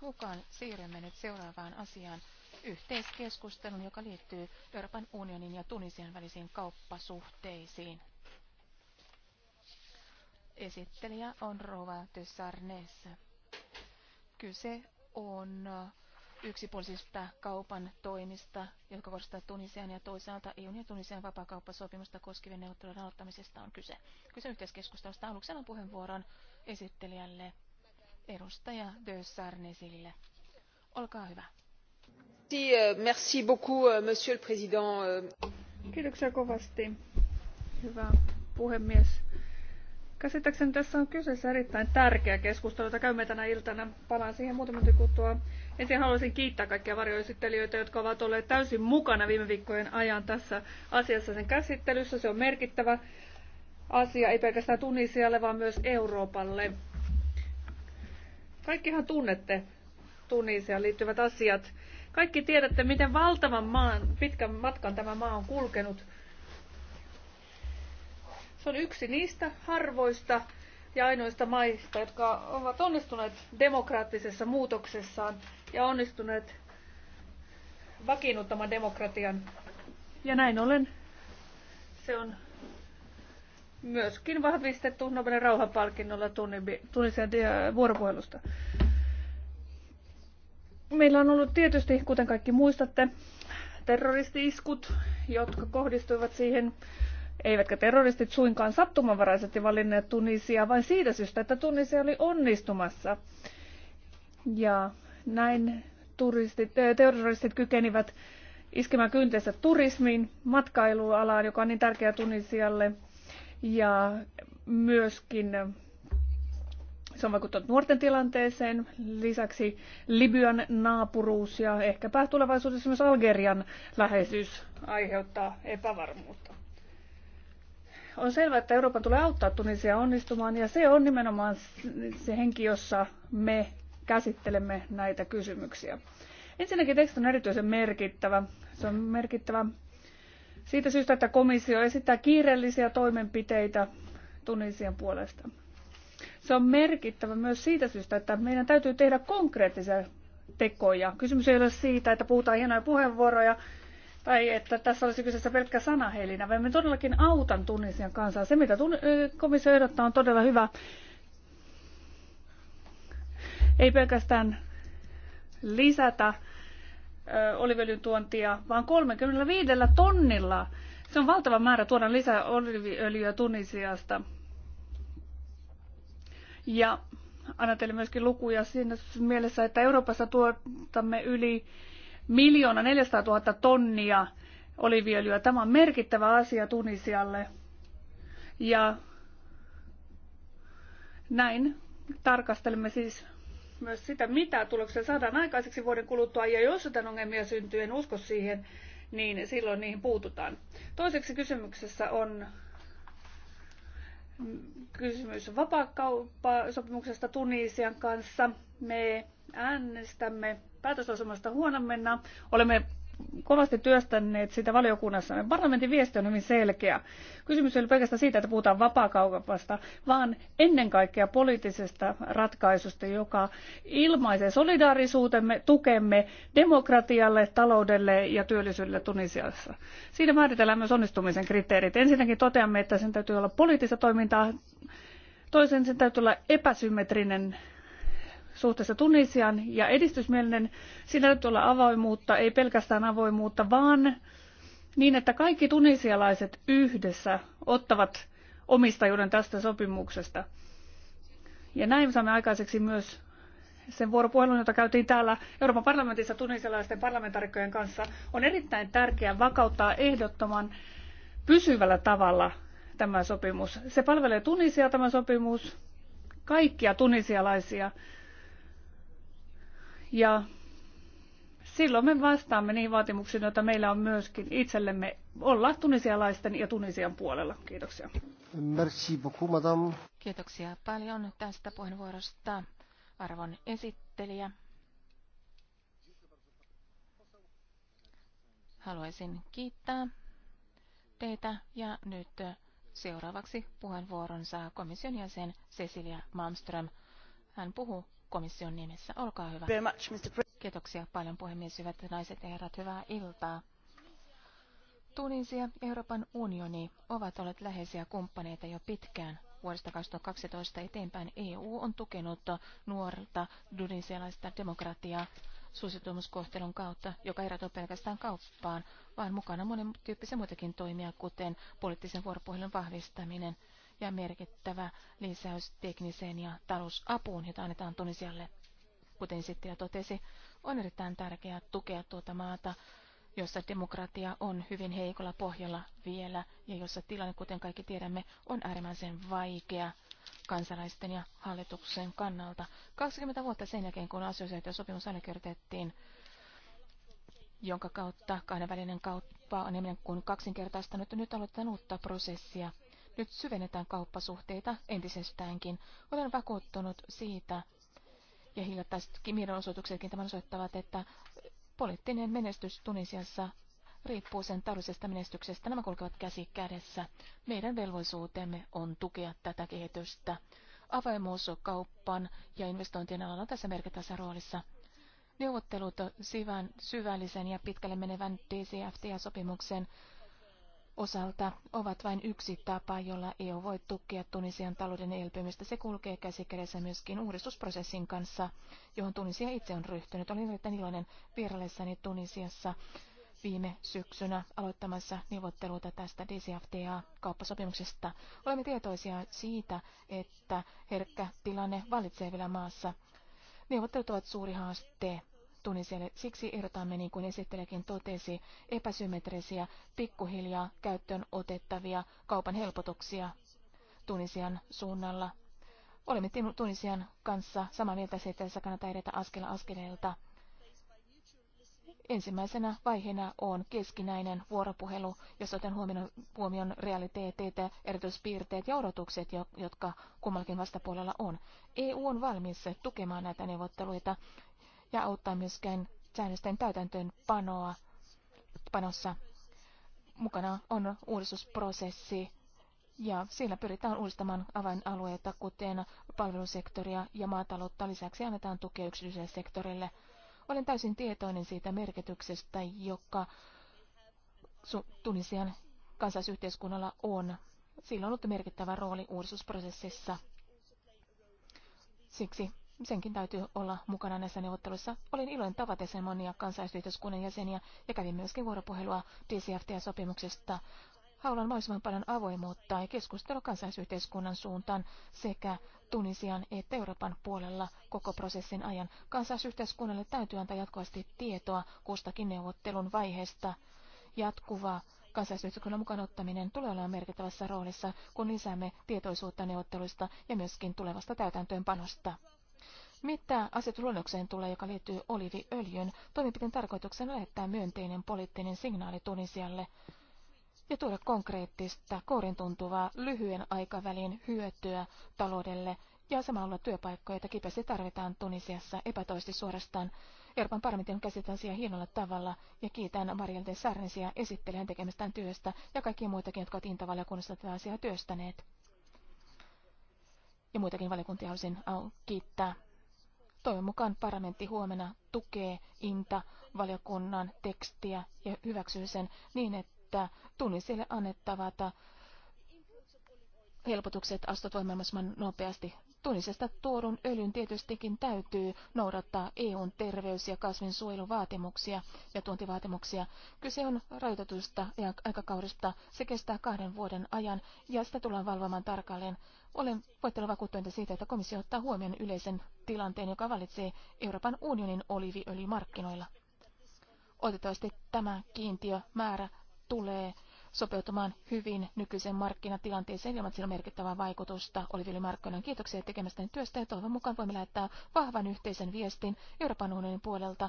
mukaan siirrymme nyt seuraavaan asiaan yhteiskeskustelun, joka liittyy Euroopan unionin ja Tunisian välisiin kauppasuhteisiin. Esittelijä on Rova de Sarnes. Kyse on yksipuolisista kaupan toimista, jotka koskevat Tunisian ja toisaalta EU- ja Tunisian vapaakauppasopimusta koskevien neuvottelujen aloittamisesta on kyse. Kyse yhteiskeskustelusta aluksena puheenvuoron esittelijälle edustaja Dössarnesille. Olkaa hyvä. Euh, merci beaucoup, euh, monsieur le président. Euh. Kiitoksia kovasti, hyvä puhemies. Käsittääkseni tässä on kyseessä erittäin tärkeä keskustelu, jota käymme tänä iltana. Palaan siihen muutaman kuluttua. Ensin haluaisin kiittää kaikkia varjoesittelijöitä, jotka ovat olleet täysin mukana viime viikkojen ajan tässä asiassa sen käsittelyssä. Se on merkittävä asia ei pelkästään Tunisialle, vaan myös Euroopalle. Kaikkihan tunnette Tunisiaan liittyvät asiat. Kaikki tiedätte, miten valtavan maan, pitkän matkan tämä maa on kulkenut. Se on yksi niistä harvoista ja ainoista maista, jotka ovat onnistuneet demokraattisessa muutoksessaan ja onnistuneet vakiinnuttamaan demokratian. Ja näin ollen se on myöskin vahvistettu Nobelin rauhanpalkinnolla tunnisen vuoropuhelusta. Meillä on ollut tietysti, kuten kaikki muistatte, terroristi-iskut, jotka kohdistuivat siihen, eivätkä terroristit suinkaan sattumanvaraisesti valinneet Tunisia, vain siitä syystä, että Tunisia oli onnistumassa. Ja näin turistit, terroristit kykenivät iskemään kyntensä turismiin, matkailualaan, joka on niin tärkeä Tunisialle – ja myöskin se on vaikuttanut nuorten tilanteeseen, lisäksi Libyan naapuruus ja ehkäpä tulevaisuudessa myös Algerian läheisyys aiheuttaa epävarmuutta. On selvää, että Euroopan tulee auttaa Tunisia onnistumaan ja se on nimenomaan se henki, jossa me käsittelemme näitä kysymyksiä. Ensinnäkin teksti on erityisen merkittävä. Se on merkittävä siitä syystä, että komissio esittää kiireellisiä toimenpiteitä Tunisian puolesta. Se on merkittävä myös siitä syystä, että meidän täytyy tehdä konkreettisia tekoja. Kysymys ei ole siitä, että puhutaan hienoja puheenvuoroja tai että tässä olisi kyseessä pelkkä sanahelinä, vaan me todellakin autan Tunisian kansaa. Se, mitä komissio ehdottaa, on todella hyvä. Ei pelkästään lisätä oliviöljyn tuontia, vaan 35 tonnilla. Se on valtava määrä tuoda lisää oliviöljyä Tunisiasta. Ja annan teille myöskin lukuja siinä mielessä, että Euroopassa tuotamme yli miljoona 400 000 tonnia oliviöljyä. Tämä on merkittävä asia Tunisialle. Ja näin tarkastelemme siis myös sitä, mitä tuloksia saadaan aikaiseksi vuoden kuluttua, ja jos jotain ongelmia syntyy, en usko siihen, niin silloin niihin puututaan. Toiseksi kysymyksessä on kysymys vapaakauppasopimuksesta Tunisian kanssa. Me äänestämme päätöslausumasta huomenna. Olemme kovasti työstäneet sitä valiokunnassa. Parlamentin viesti on hyvin selkeä. Kysymys ei ole pelkästään siitä, että puhutaan vapaakaupasta, vaan ennen kaikkea poliittisesta ratkaisusta, joka ilmaisee solidaarisuutemme, tukemme demokratialle, taloudelle ja työllisyydelle Tunisiassa. Siinä määritellään myös onnistumisen kriteerit. Ensinnäkin toteamme, että sen täytyy olla poliittista toimintaa, toisen sen täytyy olla epäsymmetrinen suhteessa Tunisian ja edistysmielinen. Siinä täytyy olla avoimuutta, ei pelkästään avoimuutta, vaan niin, että kaikki tunisialaiset yhdessä ottavat omistajuuden tästä sopimuksesta. Ja näin saamme aikaiseksi myös sen vuoropuhelun, jota käytiin täällä Euroopan parlamentissa tunisialaisten parlamentaarikkojen kanssa, on erittäin tärkeää vakauttaa ehdottoman pysyvällä tavalla tämä sopimus. Se palvelee Tunisia tämä sopimus, kaikkia tunisialaisia ja silloin me vastaamme niihin vaatimuksiin, joita meillä on myöskin itsellemme olla tunisialaisten ja Tunisian puolella. Kiitoksia. Merci beaucoup, madame. Kiitoksia paljon tästä puheenvuorosta, arvon esittelijä. Haluaisin kiittää teitä ja nyt seuraavaksi puheenvuoron saa komission jäsen Cecilia Malmström. Hän puhuu komission nimessä. Olkaa hyvä. Kiitoksia paljon puhemies, hyvät naiset ja herrat, hyvää iltaa. Tunisia ja Euroopan unioni ovat olleet läheisiä kumppaneita jo pitkään. Vuodesta 2012 eteenpäin EU on tukenut nuorta tunisialaista demokratiaa suositumuskohtelun kautta, joka ei pelkästään kauppaan, vaan mukana monen tyyppisiä muitakin toimia, kuten poliittisen vuoropuhelun vahvistaminen – ja merkittävä lisäys tekniseen ja talousapuun, jota annetaan Tunisialle. Kuten sitten jo totesi, on erittäin tärkeää tukea tuota maata, jossa demokratia on hyvin heikolla pohjalla vielä ja jossa tilanne, kuten kaikki tiedämme, on äärimmäisen vaikea kansalaisten ja hallituksen kannalta. 20 vuotta sen jälkeen, kun asioisäätiösopimus allekirjoitettiin, jonka kautta kahdenvälinen kauppa on enemmän kuin kaksinkertaistanut, nyt aloitetaan uutta prosessia. Nyt syvennetään kauppasuhteita entisestäänkin. Olen vakuuttunut siitä, ja hiljattaisetkin mielenosoituksetkin tämän osoittavat, että poliittinen menestys Tunisiassa riippuu sen taloudellisesta menestyksestä. Nämä kulkevat käsi kädessä. Meidän velvollisuutemme on tukea tätä kehitystä. Avoimuus kauppan ja investointien alalla on tässä merkittävässä roolissa. Neuvottelut syvän, syvällisen ja pitkälle menevän DCFTA-sopimuksen osalta ovat vain yksi tapa, jolla EU voi tukea Tunisian talouden elpymistä. Se kulkee käsikädessä myöskin uudistusprosessin kanssa, johon Tunisia itse on ryhtynyt. Olin erittäin iloinen vieraillessani Tunisiassa viime syksynä aloittamassa neuvotteluita tästä DCFTA-kauppasopimuksesta. Olemme tietoisia siitä, että herkkä tilanne valitsee vielä maassa. Neuvottelut ovat suuri haaste Tunisialle. Siksi irtaamme, niin kuin esittelijäkin totesi, epäsymmetrisiä, pikkuhiljaa käyttöön otettavia kaupan helpotuksia Tunisian suunnalla. Olemme Tunisian kanssa samaa mieltä siitä, että kannattaa edetä askel askeleelta. Ensimmäisenä vaiheena on keskinäinen vuoropuhelu, jossa otan huomioon, huomioon realiteetit, erityispiirteet ja odotukset, jotka kummallakin vastapuolella on. EU on valmis tukemaan näitä neuvotteluita ja auttaa myöskin säännösten panoa panossa. Mukana on uudistusprosessi ja sillä pyritään uudistamaan avainalueita, kuten palvelusektoria ja maataloutta. Lisäksi annetaan tukea yksityiselle sektorille. Olen täysin tietoinen siitä merkityksestä, joka Tunisian kansaisyhteiskunnalla on. Sillä on ollut merkittävä rooli uudistusprosessissa. Siksi senkin täytyy olla mukana näissä neuvotteluissa. Olin iloinen tavatessa monia kansainvälisyhteiskunnan jäseniä ja kävin myöskin vuoropuhelua DCFT-sopimuksesta. Haluan mahdollisimman paljon avoimuutta ja keskustelua kansainvälisyhteiskunnan suuntaan sekä Tunisian että Euroopan puolella koko prosessin ajan. Kansainvälisyhteiskunnalle täytyy antaa jatkuvasti tietoa kustakin neuvottelun vaiheesta. Jatkuva kansainvälisyhteiskunnan mukaan ottaminen tulee olemaan merkittävässä roolissa, kun lisäämme tietoisuutta neuvotteluista ja myöskin tulevasta täytäntöönpanosta. Mitä asetusluonnokseen tulee, joka liittyy oliiviöljyn, toimenpiteen tarkoituksena lähettää myönteinen poliittinen signaali Tunisialle ja tuoda konkreettista, kourin tuntuvaa, lyhyen aikavälin hyötyä taloudelle ja samalla työpaikkoja, joita kipeästi tarvitaan Tunisiassa epätoisesti suorastaan. Euroopan parlamentin käsitän asiaa hienolla tavalla ja kiitän Marjelte Särnisiä esittelijän tekemästään työstä ja kaikkia muitakin, jotka ovat intavaliokunnassa tätä asiaa työstäneet. Ja muitakin valiokuntia haluaisin kiittää Toivon mukaan parlamentti huomenna tukee INTA-valiokunnan tekstiä ja hyväksyy sen niin, että tunnisille annettavat helpotukset astuvat voimaan nopeasti Tunisesta tuodun öljyn tietystikin täytyy noudattaa EUn terveys- ja kasvinsuojeluvaatimuksia ja tuontivaatimuksia. Kyse on rajoitetusta ja aikakaudesta. Se kestää kahden vuoden ajan ja sitä tullaan valvomaan tarkalleen. Olen voittelu vakuuttuneita siitä, että komissio ottaa huomioon yleisen tilanteen, joka valitsee Euroopan unionin oliviöljymarkkinoilla. Otettavasti tämä kiintiömäärä tulee sopeutumaan hyvin nykyiseen markkinatilanteeseen ilman sillä merkittävää vaikutusta. Vili Markkonen, kiitoksia tekemästäni työstä ja toivon mukaan voimme lähettää vahvan yhteisen viestin Euroopan unionin puolelta.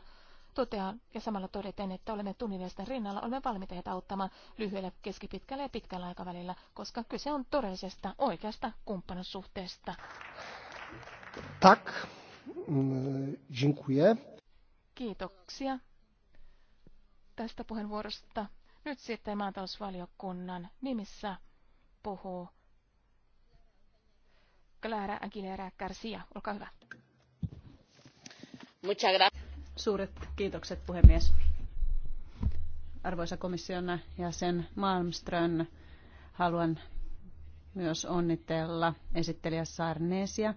Totean ja samalla todeten, että olemme tunnilaisten rinnalla, olemme valmiita heitä auttamaan lyhyellä, keskipitkällä ja pitkällä aikavälillä, koska kyse on todellisesta oikeasta kumppanussuhteesta. Tak. Dziękuję. Kiitoksia tästä puheenvuorosta. Nyt sitten maatalousvaliokunnan nimissä puhuu Clara Aguilera Garcia. Olkaa hyvä. Suuret kiitokset puhemies. Arvoisa komission jäsen Malmström, haluan myös onnitella esittelijä Sarnesia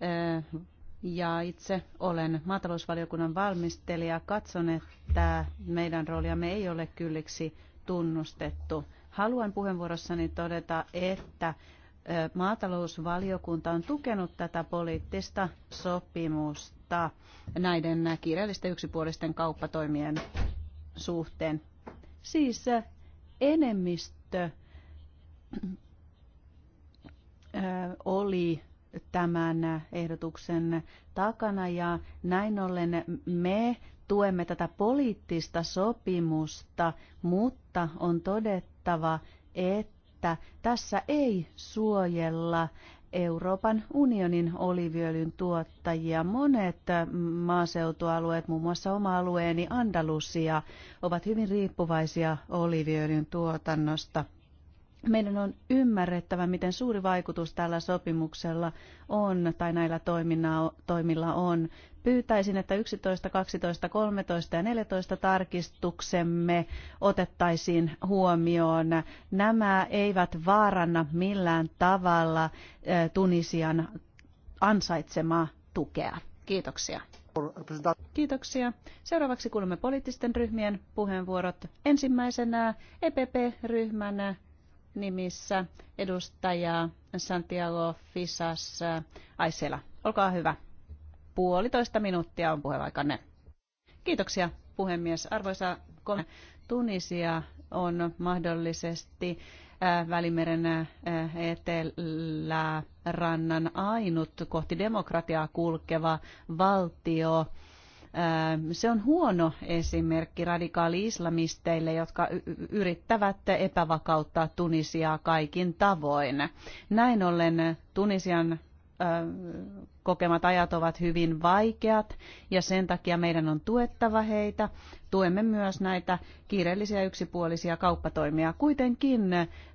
eh, ja itse olen maatalousvaliokunnan valmistelija. Katson, että meidän rooliamme ei ole kylliksi tunnustettu. Haluan puheenvuorossani todeta, että maatalousvaliokunta on tukenut tätä poliittista sopimusta näiden kirjallisten yksipuolisten kauppatoimien suhteen. Siis enemmistö oli tämän ehdotuksen takana ja näin ollen me tuemme tätä poliittista sopimusta, mutta on todettava, että tässä ei suojella Euroopan unionin oliviöljyn tuottajia. Monet maaseutualueet, muun muassa oma alueeni Andalusia, ovat hyvin riippuvaisia oliviöljyn tuotannosta meidän on ymmärrettävä, miten suuri vaikutus tällä sopimuksella on tai näillä toimilla on. Pyytäisin, että 11, 12, 13 ja 14 tarkistuksemme otettaisiin huomioon. Nämä eivät vaaranna millään tavalla Tunisian ansaitsemaa tukea. Kiitoksia. Kiitoksia. Seuraavaksi kuulemme poliittisten ryhmien puheenvuorot. Ensimmäisenä epp ryhmänä nimissä edustaja Santiago Fisas äh, Aisela. Olkaa hyvä. Puolitoista minuuttia on puheenvaikanne. Kiitoksia puhemies. Arvoisa kolme. Tunisia on mahdollisesti äh, Välimeren äh, etelärannan ainut kohti demokratiaa kulkeva valtio se on huono esimerkki radikaali-islamisteille, jotka yrittävät epävakauttaa Tunisiaa kaikin tavoin. Näin ollen Tunisian kokemat ajat ovat hyvin vaikeat ja sen takia meidän on tuettava heitä. Tuemme myös näitä kiireellisiä yksipuolisia kauppatoimia. Kuitenkin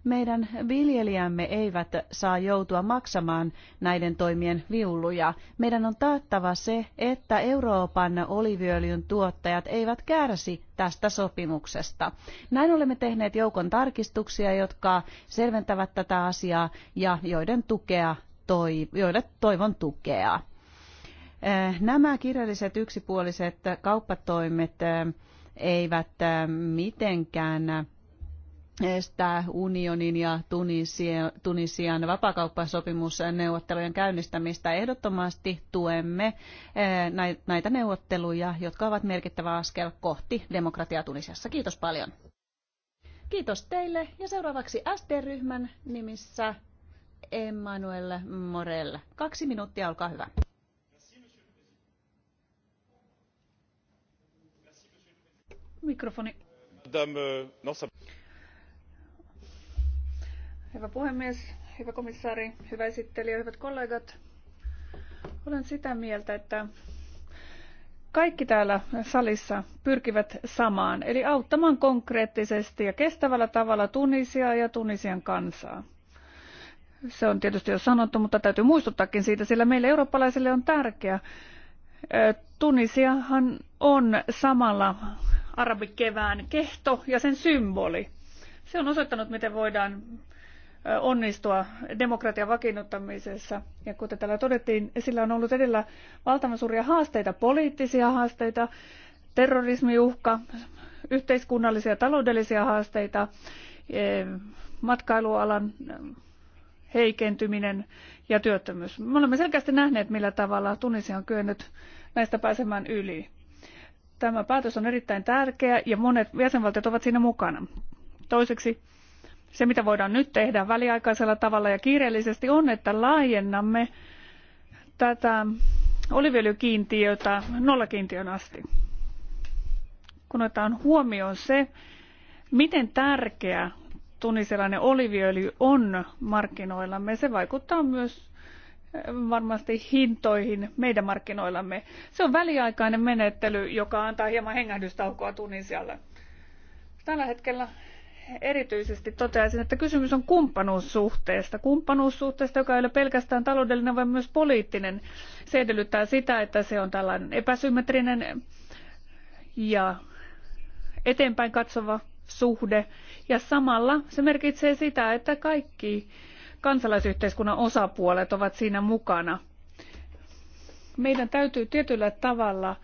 meidän viljelijämme eivät saa joutua maksamaan näiden toimien viuluja. Meidän on taattava se, että Euroopan oliviöljyn tuottajat eivät kärsi tästä sopimuksesta. Näin olemme tehneet joukon tarkistuksia, jotka selventävät tätä asiaa ja joiden tukea toi, joille toivon tukea. Eh, nämä kirjalliset yksipuoliset kauppatoimet eh, eivät eh, mitenkään estää unionin ja Tunisian, Tunisian vapakauppasopimusneuvottelujen käynnistämistä. Ehdottomasti tuemme näitä neuvotteluja, jotka ovat merkittävä askel kohti demokratiaa Tunisiassa. Kiitos paljon. Kiitos teille ja seuraavaksi SD-ryhmän nimissä Emmanuel Morel. Kaksi minuuttia, olkaa hyvä. Mikrofoni. Euh, hyvä puhemies, hyvä komissaari, hyvä esittelijä, hyvät kollegat. Olen sitä mieltä, että kaikki täällä salissa pyrkivät samaan, eli auttamaan konkreettisesti ja kestävällä tavalla Tunisia ja Tunisian kansaa. Se on tietysti jo sanottu, mutta täytyy muistuttaakin siitä, sillä meille eurooppalaisille on tärkeää. Tunisiahan on samalla arabikevään kehto ja sen symboli. Se on osoittanut, miten voidaan onnistua demokratian vakiinnuttamisessa. Ja kuten täällä todettiin, sillä on ollut edellä valtavan suuria haasteita, poliittisia haasteita, terrorismiuhka, yhteiskunnallisia ja taloudellisia haasteita, e, matkailualan heikentyminen ja työttömyys. Me olemme selkeästi nähneet, millä tavalla Tunisia on kyennyt näistä pääsemään yli. Tämä päätös on erittäin tärkeä ja monet jäsenvaltiot ovat siinä mukana. Toiseksi se, mitä voidaan nyt tehdä väliaikaisella tavalla ja kiireellisesti on, että laajennamme tätä oliviöljykiintiötä nollakiintiön asti. Kun otetaan huomioon se, miten tärkeä tunisilainen oliviöljy on markkinoillamme. Se vaikuttaa myös eh, varmasti hintoihin meidän markkinoillamme. Se on väliaikainen menettely, joka antaa hieman hengähdystaukoa Tunisialle. Tällä hetkellä erityisesti toteaisin, että kysymys on kumppanuussuhteesta. Kumppanuussuhteesta, joka ei ole pelkästään taloudellinen, vaan myös poliittinen. Se edellyttää sitä, että se on tällainen epäsymmetrinen ja eteenpäin katsova suhde ja samalla se merkitsee sitä, että kaikki kansalaisyhteiskunnan osapuolet ovat siinä mukana. Meidän täytyy tietyllä tavalla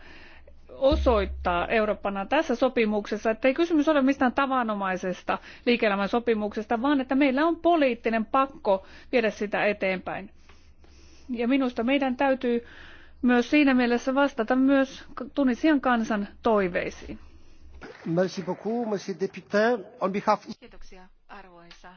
osoittaa Eurooppana tässä sopimuksessa, että ei kysymys ole mistään tavanomaisesta liike-elämän sopimuksesta, vaan että meillä on poliittinen pakko viedä sitä eteenpäin. Ja minusta meidän täytyy myös siinä mielessä vastata myös Tunisian kansan toiveisiin. Merci beaucoup, monsieur député. On behalf... Kiitoksia, arvoisa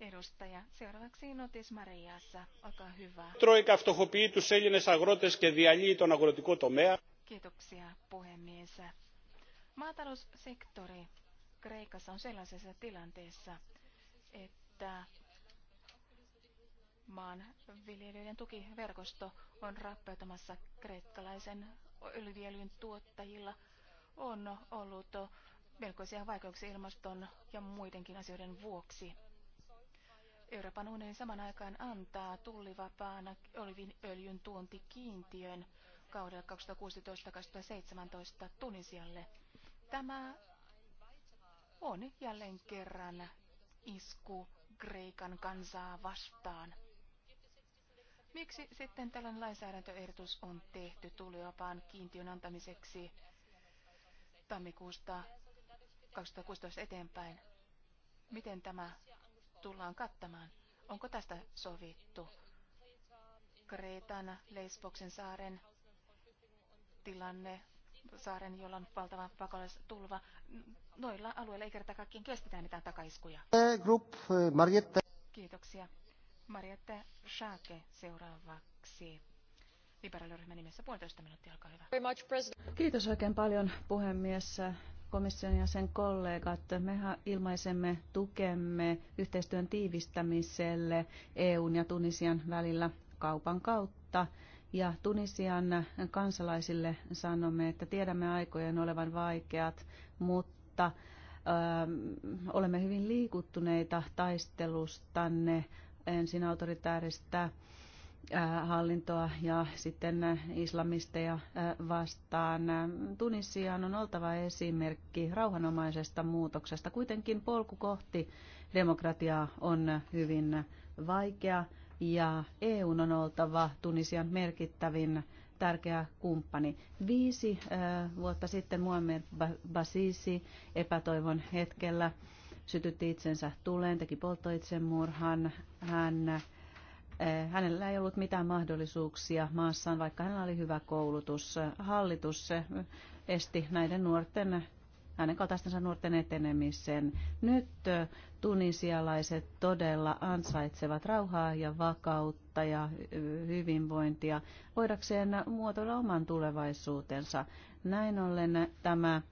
edustaja. Seuraavaksi Notis Mariassa. Olkaa hyvä. Troika αυτοχοποιεί τους Έλληνες αγρότες και διαλύει τον αγροτικό τομέα. Kiitoksia, puhemies. Maataloussektori Kreikassa on sellaisessa tilanteessa, että maanviljelijöiden tukiverkosto on rappeutumassa kreikkalaisen öljyvielyn tuottajilla – on ollut melkoisia vaikeuksia ilmaston ja muidenkin asioiden vuoksi. Euroopan unioni saman aikaan antaa tullivapaana olivin öljyn tuontikiintiön kaudella 2016-2017 Tunisialle. Tämä on jälleen kerran isku Kreikan kansaa vastaan. Miksi sitten tällainen lainsäädäntöehdotus on tehty tuliopaan kiintiön antamiseksi tammikuusta 2016 eteenpäin. Miten tämä tullaan kattamaan? Onko tästä sovittu? Kreetan, Leisboksen saaren tilanne, saaren, jolla on valtava pakolaistulva. Noilla alueilla ei kerta kaikkiin kestetään mitään takaiskuja. Eh, Group, eh, Mariette. Kiitoksia. Mariette Schake seuraavaksi liberaaliryhmän nimessä puolitoista minuuttia, olkaa hyvä. Kiitos oikein paljon puhemies komission ja sen kollegat. Mehän ilmaisemme tukemme yhteistyön tiivistämiselle EUn ja Tunisian välillä kaupan kautta. Ja Tunisian kansalaisille sanomme, että tiedämme aikojen olevan vaikeat, mutta ähm, olemme hyvin liikuttuneita taistelustanne ensin autoritääristä hallintoa ja sitten islamisteja vastaan. Tunisiaan on oltava esimerkki rauhanomaisesta muutoksesta. Kuitenkin polku kohti demokratiaa on hyvin vaikea ja EU on oltava Tunisian merkittävin tärkeä kumppani. Viisi vuotta sitten Muammer Basisi epätoivon hetkellä sytytti itsensä tuleen, teki polttoitsemurhan. Hän Eh, hänellä ei ollut mitään mahdollisuuksia maassaan, vaikka hänellä oli hyvä koulutus. Hallitus eh, esti näiden nuorten hänen kaltaistensa nuorten etenemisen. Nyt eh, tunisialaiset todella ansaitsevat rauhaa ja vakautta ja hyvinvointia voidakseen muotoilla oman tulevaisuutensa. Näin ollen tämä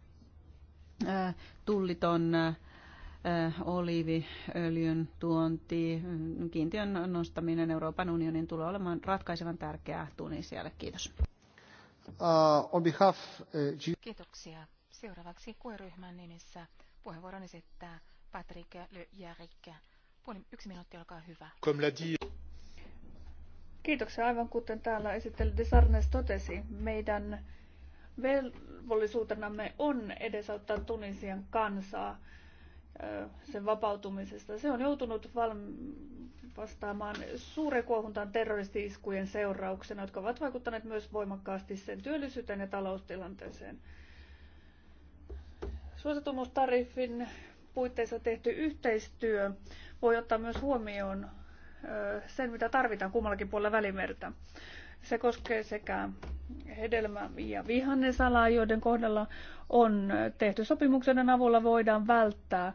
tulliton oliiviöljyn tuonti, mm, kiintiön nostaminen Euroopan unionin tulee olemaan ratkaisevan tärkeää Tunisialle. Kiitos. Uh, on behalf, uh, Kiitoksia. Seuraavaksi kueryhmän nimissä puheenvuoron esittää Patrick Le Järikkä. Puoli, yksi minuutti, olkaa hyvä. Kiitoksia. Aivan kuten täällä esitteli Desarnes totesi, meidän velvollisuutenamme on edesauttaa Tunisian kansaa sen vapautumisesta. Se on joutunut vastaamaan suuren kuohuntaan terroristi-iskujen seurauksena, jotka ovat vaikuttaneet myös voimakkaasti sen työllisyyteen ja taloustilanteeseen. Suositumustariffin puitteissa tehty yhteistyö voi ottaa myös huomioon sen, mitä tarvitaan kummallakin puolella välimertä. Se koskee sekä hedelmä- ja vihannesalaa, joiden kohdalla on tehty sopimuksen avulla voidaan välttää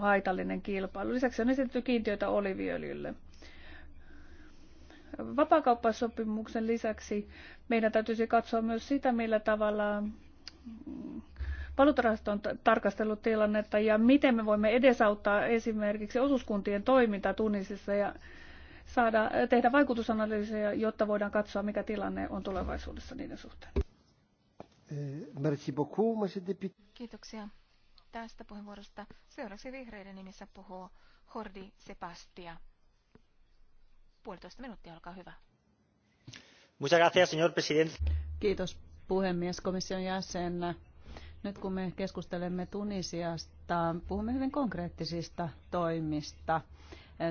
haitallinen kilpailu. Lisäksi on esitetty kiintiöitä oliviöljylle. Vapakauppasopimuksen lisäksi meidän täytyisi katsoa myös sitä, millä tavalla mm, valuutarahaston tarkastelutilannetta ja miten me voimme edesauttaa esimerkiksi osuuskuntien toimintaa Tunisissa ja saada, tehdä vaikutusanalyysejä, jotta voidaan katsoa, mikä tilanne on tulevaisuudessa niiden suhteen. Eh, Kiitoksia tästä puheenvuorosta. Seuraavaksi vihreiden nimissä puhuu Hordi Sebastia. Puolitoista minuuttia, olkaa hyvä. Kiitos puhemies, komission jäsen. Nyt kun me keskustelemme Tunisiasta, puhumme hyvin konkreettisista toimista.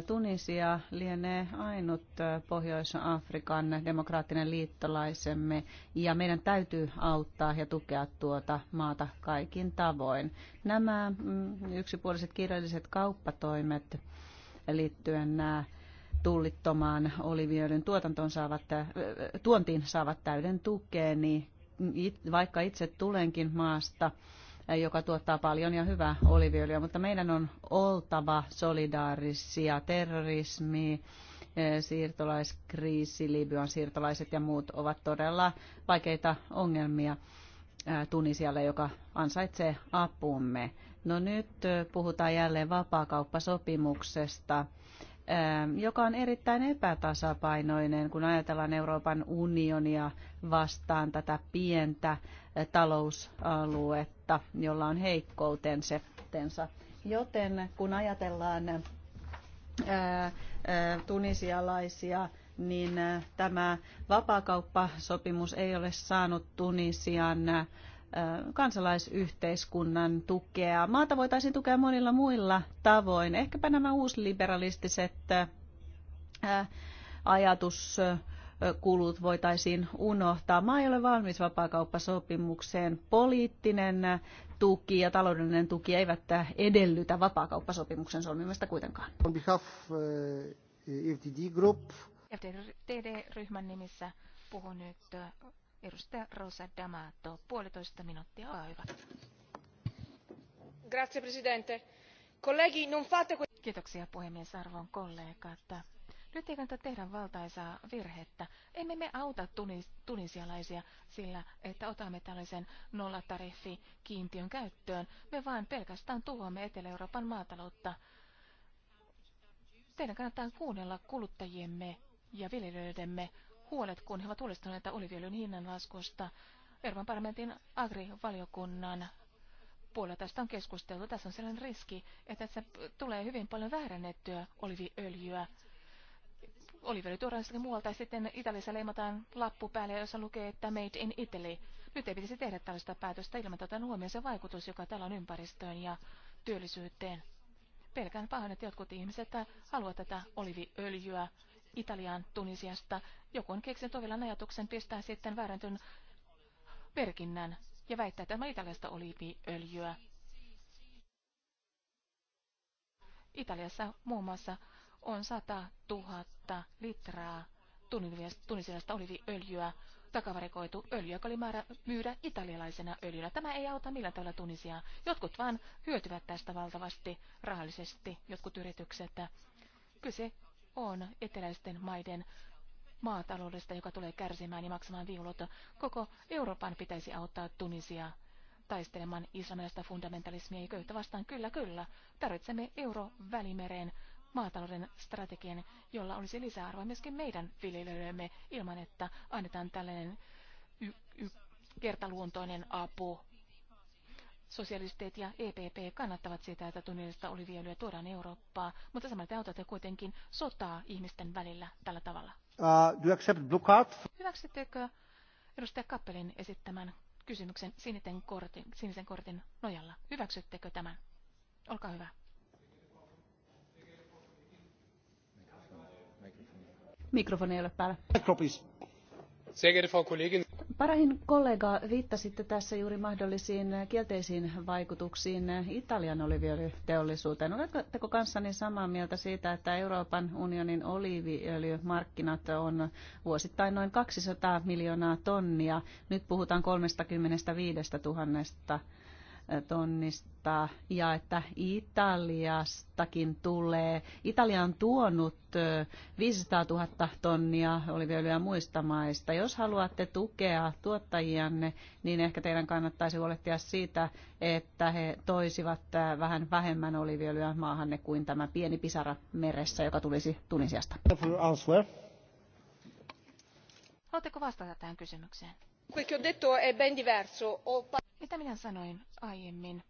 Tunisia lienee ainut Pohjois-Afrikan demokraattinen liittolaisemme ja meidän täytyy auttaa ja tukea tuota maata kaikin tavoin. Nämä mm, yksipuoliset kirjalliset kauppatoimet liittyen nämä äh, tullittomaan olivioiden tuotantoon saavat, äh, tuontiin saavat täyden tukeen, niin vaikka itse tulenkin maasta, joka tuottaa paljon ja hyvää oliviöljyä, mutta meidän on oltava solidaarisia terrorismi, siirtolaiskriisi, Libyan siirtolaiset ja muut ovat todella vaikeita ongelmia Tunisialle, joka ansaitsee apumme. No nyt puhutaan jälleen vapaakauppasopimuksesta – joka on erittäin epätasapainoinen, kun ajatellaan Euroopan unionia vastaan tätä pientä eh, talousaluetta, jolla on heikkoutensa. Joten kun ajatellaan eh, eh, tunisialaisia, niin tämä vapaakauppasopimus ei ole saanut Tunisian kansalaisyhteiskunnan tukea. Maata voitaisiin tukea monilla muilla tavoin. Ehkäpä nämä uusliberalistiset ajatuskulut voitaisiin unohtaa. Maa ei ole valmis vapaakauppasopimukseen. Poliittinen tuki ja taloudellinen tuki eivät edellytä vapaakauppasopimuksen solmimista kuitenkaan. On behalf e, e, FTD Group. FTD-ryhmän nimissä puhun nyt Edustaja Rosa D'Amato, puolitoista minuuttia, olkaa hyvä. Grazie, presidente. Kollegi, non fate... Kiitoksia puhemies arvon kollegat. Nyt ei kannata tehdä valtaisaa virhettä. Emme me auta tunis, tunisialaisia sillä, että otamme tällaisen nollatariffi kiintiön käyttöön. Me vain pelkästään tuhoamme Etelä-Euroopan maataloutta. Teidän kannattaa kuunnella kuluttajiemme ja viljelijöidemme huolet, kun he ovat huolestuneita oliviöljyn hinnanlaskusta. Euroopan parlamentin agrivaliokunnan puolella tästä on keskusteltu. Tässä on sellainen riski, että tässä tulee hyvin paljon väärännettyä oliviöljyä. Oliviöljy tuodaan sitten muualta ja sitten Italiassa leimataan lappu päälle, jossa lukee, että made in Italy. Nyt ei pitäisi tehdä tällaista päätöstä ilman tätä huomioon se vaikutus, joka tällä on ympäristöön ja työllisyyteen. Pelkään pahoin, että jotkut ihmiset haluavat tätä oliviöljyä Italiaan Tunisiasta. Joku on keksinyt ovelan ajatuksen pistää sitten väärentyn merkinnän ja väittää, että tämä Italiasta oliiviöljyä. Italiassa muun muassa on 100 000 litraa tunisilaista oliiviöljyä, takavarikoitu öljy, joka oli määrä myydä italialaisena öljynä. Tämä ei auta millään tavalla Tunisia. Jotkut vaan hyötyvät tästä valtavasti rahallisesti, jotkut yritykset. Kyse on eteläisten maiden maataloudesta, joka tulee kärsimään ja maksamaan viulut. Koko Euroopan pitäisi auttaa Tunisia taistelemaan islamilaista fundamentalismia ja köyhtä vastaan. Kyllä, kyllä. Tarvitsemme Euro-välimereen maatalouden strategian, jolla olisi lisäarvoa myöskin meidän viljelijöillemme ilman, että annetaan tällainen y- y- kertaluontoinen apu Sosialistit ja EPP kannattavat sitä, että tunnelista oliviöljyä tuodaan Eurooppaa, mutta samalla te autatte kuitenkin sotaa ihmisten välillä tällä tavalla. Uh, do you accept blue card? Hyväksyttekö edustaja Kappelin esittämän kysymyksen sinisen kortin, sinisen kortin nojalla? Hyväksyttekö tämän? Olkaa hyvä. Mikrofoni ei ole päällä. Parahin kollega, viittasitte tässä juuri mahdollisiin kielteisiin vaikutuksiin Italian oliviöljyteollisuuteen. Oletteko kanssani samaa mieltä siitä, että Euroopan unionin oliiviöljymarkkinat on vuosittain noin 200 miljoonaa tonnia? Nyt puhutaan 35 000 tonnista ja että Italiastakin tulee. Italia on tuonut 500 000 tonnia oliviöljyä muista maista. Jos haluatte tukea tuottajianne, niin ehkä teidän kannattaisi huolehtia siitä, että he toisivat vähän vähemmän oliviöljyä maahanne kuin tämä pieni pisara meressä, joka tulisi Tunisiasta. Haluatteko vastata tähän kysymykseen? Quel che ho detto è ben diverso. Ho mitä minä sanoin aiemmin?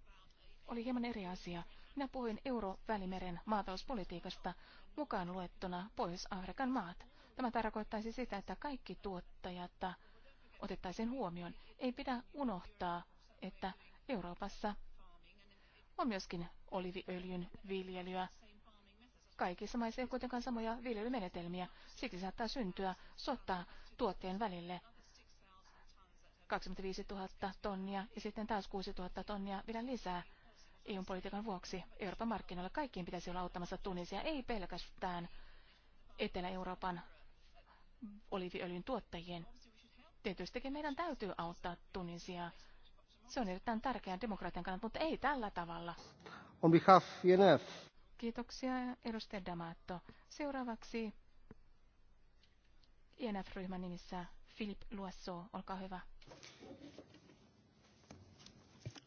Oli hieman eri asia. Minä puhuin Euro-välimeren maatalouspolitiikasta mukaan luettuna Pohjois-Afrikan maat. Tämä tarkoittaisi sitä, että kaikki tuottajat otettaisiin huomioon. Ei pidä unohtaa, että Euroopassa on myöskin oliviöljyn viljelyä. Kaikissa maissa ei ole kuitenkaan samoja viljelymenetelmiä, siksi saattaa syntyä sotaa tuotteen välille. 25 000 tonnia ja sitten taas 6 000 tonnia vielä lisää EU-politiikan vuoksi Euroopan markkinoilla. Kaikkien pitäisi olla auttamassa Tunisia, ei pelkästään Etelä-Euroopan oliiviöljyn tuottajien. Tietystikin meidän täytyy auttaa Tunisia. Se on erittäin tärkeää demokratian kannalta, mutta ei tällä tavalla. On behalf of e Kiitoksia, edustaja Damato. Seuraavaksi INF-ryhmän e nimissä Philippe Loiseau, olkaa hyvä.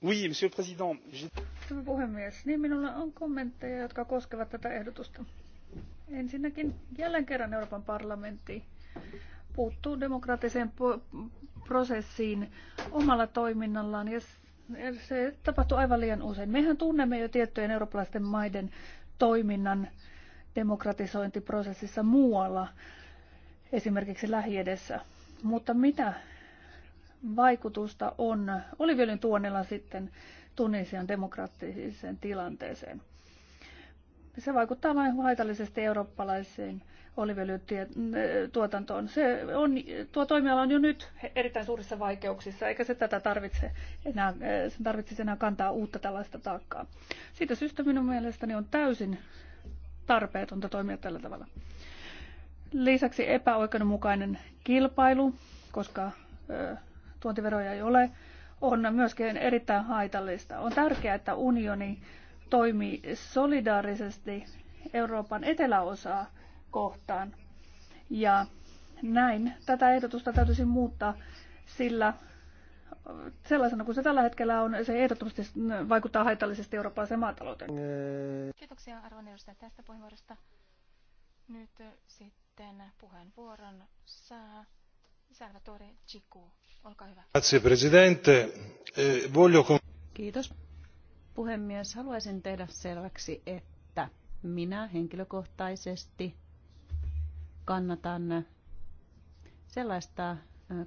Oui, monsieur le président. Hyvä puhemies, niin minulla on kommentteja, jotka koskevat tätä ehdotusta. Ensinnäkin jälleen kerran Euroopan parlamentti puuttuu demokraattiseen prosessiin omalla toiminnallaan ja se tapahtuu aivan liian usein. Mehän tunnemme jo tiettyjen eurooppalaisten maiden toiminnan demokratisointiprosessissa muualla, esimerkiksi lähi mutta mitä vaikutusta on oliviöljyn tuonnella sitten Tunisian demokraattiseen tilanteeseen? Se vaikuttaa vain haitallisesti eurooppalaiseen oliviöljytuotantoon. Se on, tuo toimiala on jo nyt erittäin suurissa vaikeuksissa, eikä se tätä tarvitse enää, sen tarvitsisi enää kantaa uutta tällaista taakkaa. Siitä syystä minun mielestäni on täysin tarpeetonta toimia tällä tavalla. Lisäksi epäoikeudenmukainen kilpailu, koska tuontiveroja ei ole, on myöskin erittäin haitallista. On tärkeää, että unioni toimii solidaarisesti Euroopan eteläosaa kohtaan. Ja näin tätä ehdotusta täytyisi muuttaa, sillä sellaisena kuin se tällä hetkellä on, se ehdottomasti vaikuttaa haitallisesti eurooppalaiseen maatalouteen. Kiitoksia arvon edustaja tästä puheenvuorosta. Nyt sitten sitten puheenvuoron saa Salvatore Cicu. Olkaa hyvä. Grazie, presidente. Eh, Kiitos. Puhemies, haluaisin tehdä selväksi, että minä henkilökohtaisesti kannatan sellaista eh,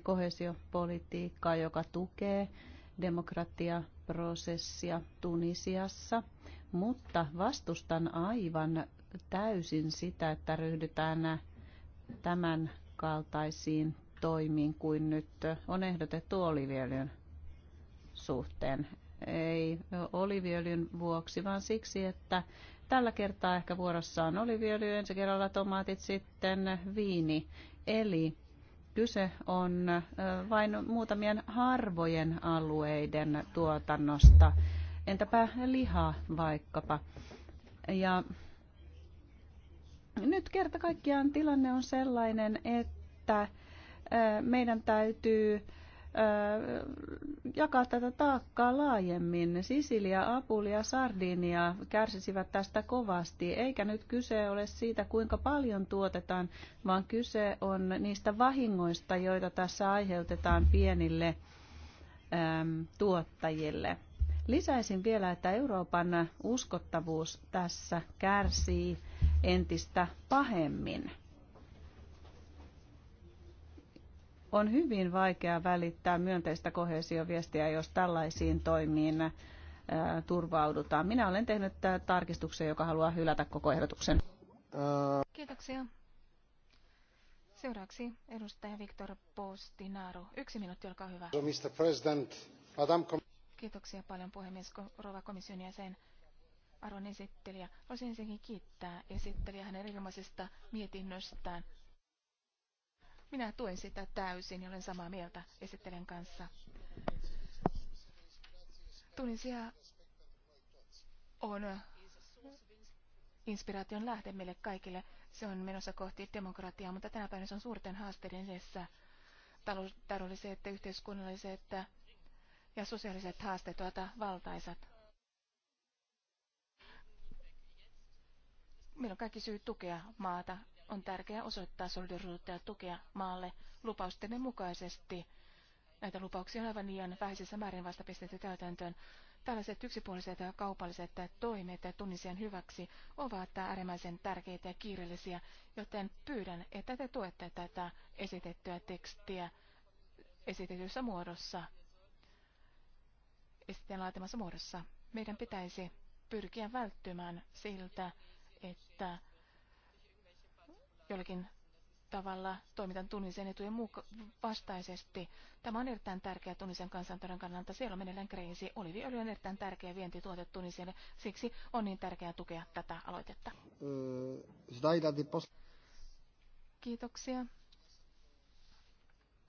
kohesiopolitiikkaa, joka tukee demokratiaprosessia Tunisiassa, mutta vastustan aivan täysin sitä, että ryhdytään tämän kaltaisiin toimiin kuin nyt on ehdotettu oliviöljyn suhteen. Ei oliviöljyn vuoksi, vaan siksi, että tällä kertaa ehkä vuorossa on oliviöljy, ensi kerralla tomaatit, sitten viini. Eli kyse on vain muutamien harvojen alueiden tuotannosta. Entäpä liha vaikkapa? Ja nyt kerta kaikkiaan tilanne on sellainen, että meidän täytyy jakaa tätä taakkaa laajemmin. Sisilia, Apulia, Sardinia kärsisivät tästä kovasti, eikä nyt kyse ole siitä, kuinka paljon tuotetaan, vaan kyse on niistä vahingoista, joita tässä aiheutetaan pienille äm, tuottajille. Lisäisin vielä, että Euroopan uskottavuus tässä kärsii entistä pahemmin. On hyvin vaikea välittää myönteistä kohesioviestiä, jos tällaisiin toimiin äh, turvaudutaan. Minä olen tehnyt äh, tarkistuksen, joka haluaa hylätä koko ehdotuksen. Kiitoksia. Seuraavaksi edustaja Viktor Postinaru. Yksi minuutti, olkaa hyvä. Mr. President, Madam Kiitoksia paljon puhemies, rouva komission jäsen arvon esittelijä. Voisin ensinnäkin kiittää esittelijä hänen erinomaisesta mietinnöstään. Minä tuen sitä täysin ja olen samaa mieltä esittelijän kanssa. Tunisia on inspiraation lähde meille kaikille. Se on menossa kohti demokratiaa, mutta tänä päivänä se on suurten haasteiden edessä. Taloudelliset, yhteiskunnalliset ja sosiaaliset haasteet ovat valtaisat. Meillä on kaikki syy tukea maata. On tärkeää osoittaa solidaarisuutta ja tukea maalle lupaustenne mukaisesti. Näitä lupauksia on aivan liian vähäisessä määrin vasta pistetty täytäntöön. Tällaiset yksipuoliset ja kaupalliset toimet ja tunnisien hyväksi ovat äärimmäisen tärkeitä ja kiireellisiä, joten pyydän, että te tuette tätä esitettyä tekstiä esitetyssä muodossa, Esitetään laatimassa muodossa. Meidän pitäisi pyrkiä välttymään siltä, että jollakin tavalla toimitan tunnisen etujen vastaisesti. Tämä on erittäin tärkeä tunnisen kansantarjan kannalta. Siellä on meneillään kriisi. Oliviöljy on erittäin tärkeä vientituote tunniselle. Siksi on niin tärkeää tukea tätä aloitetta. Kiitoksia.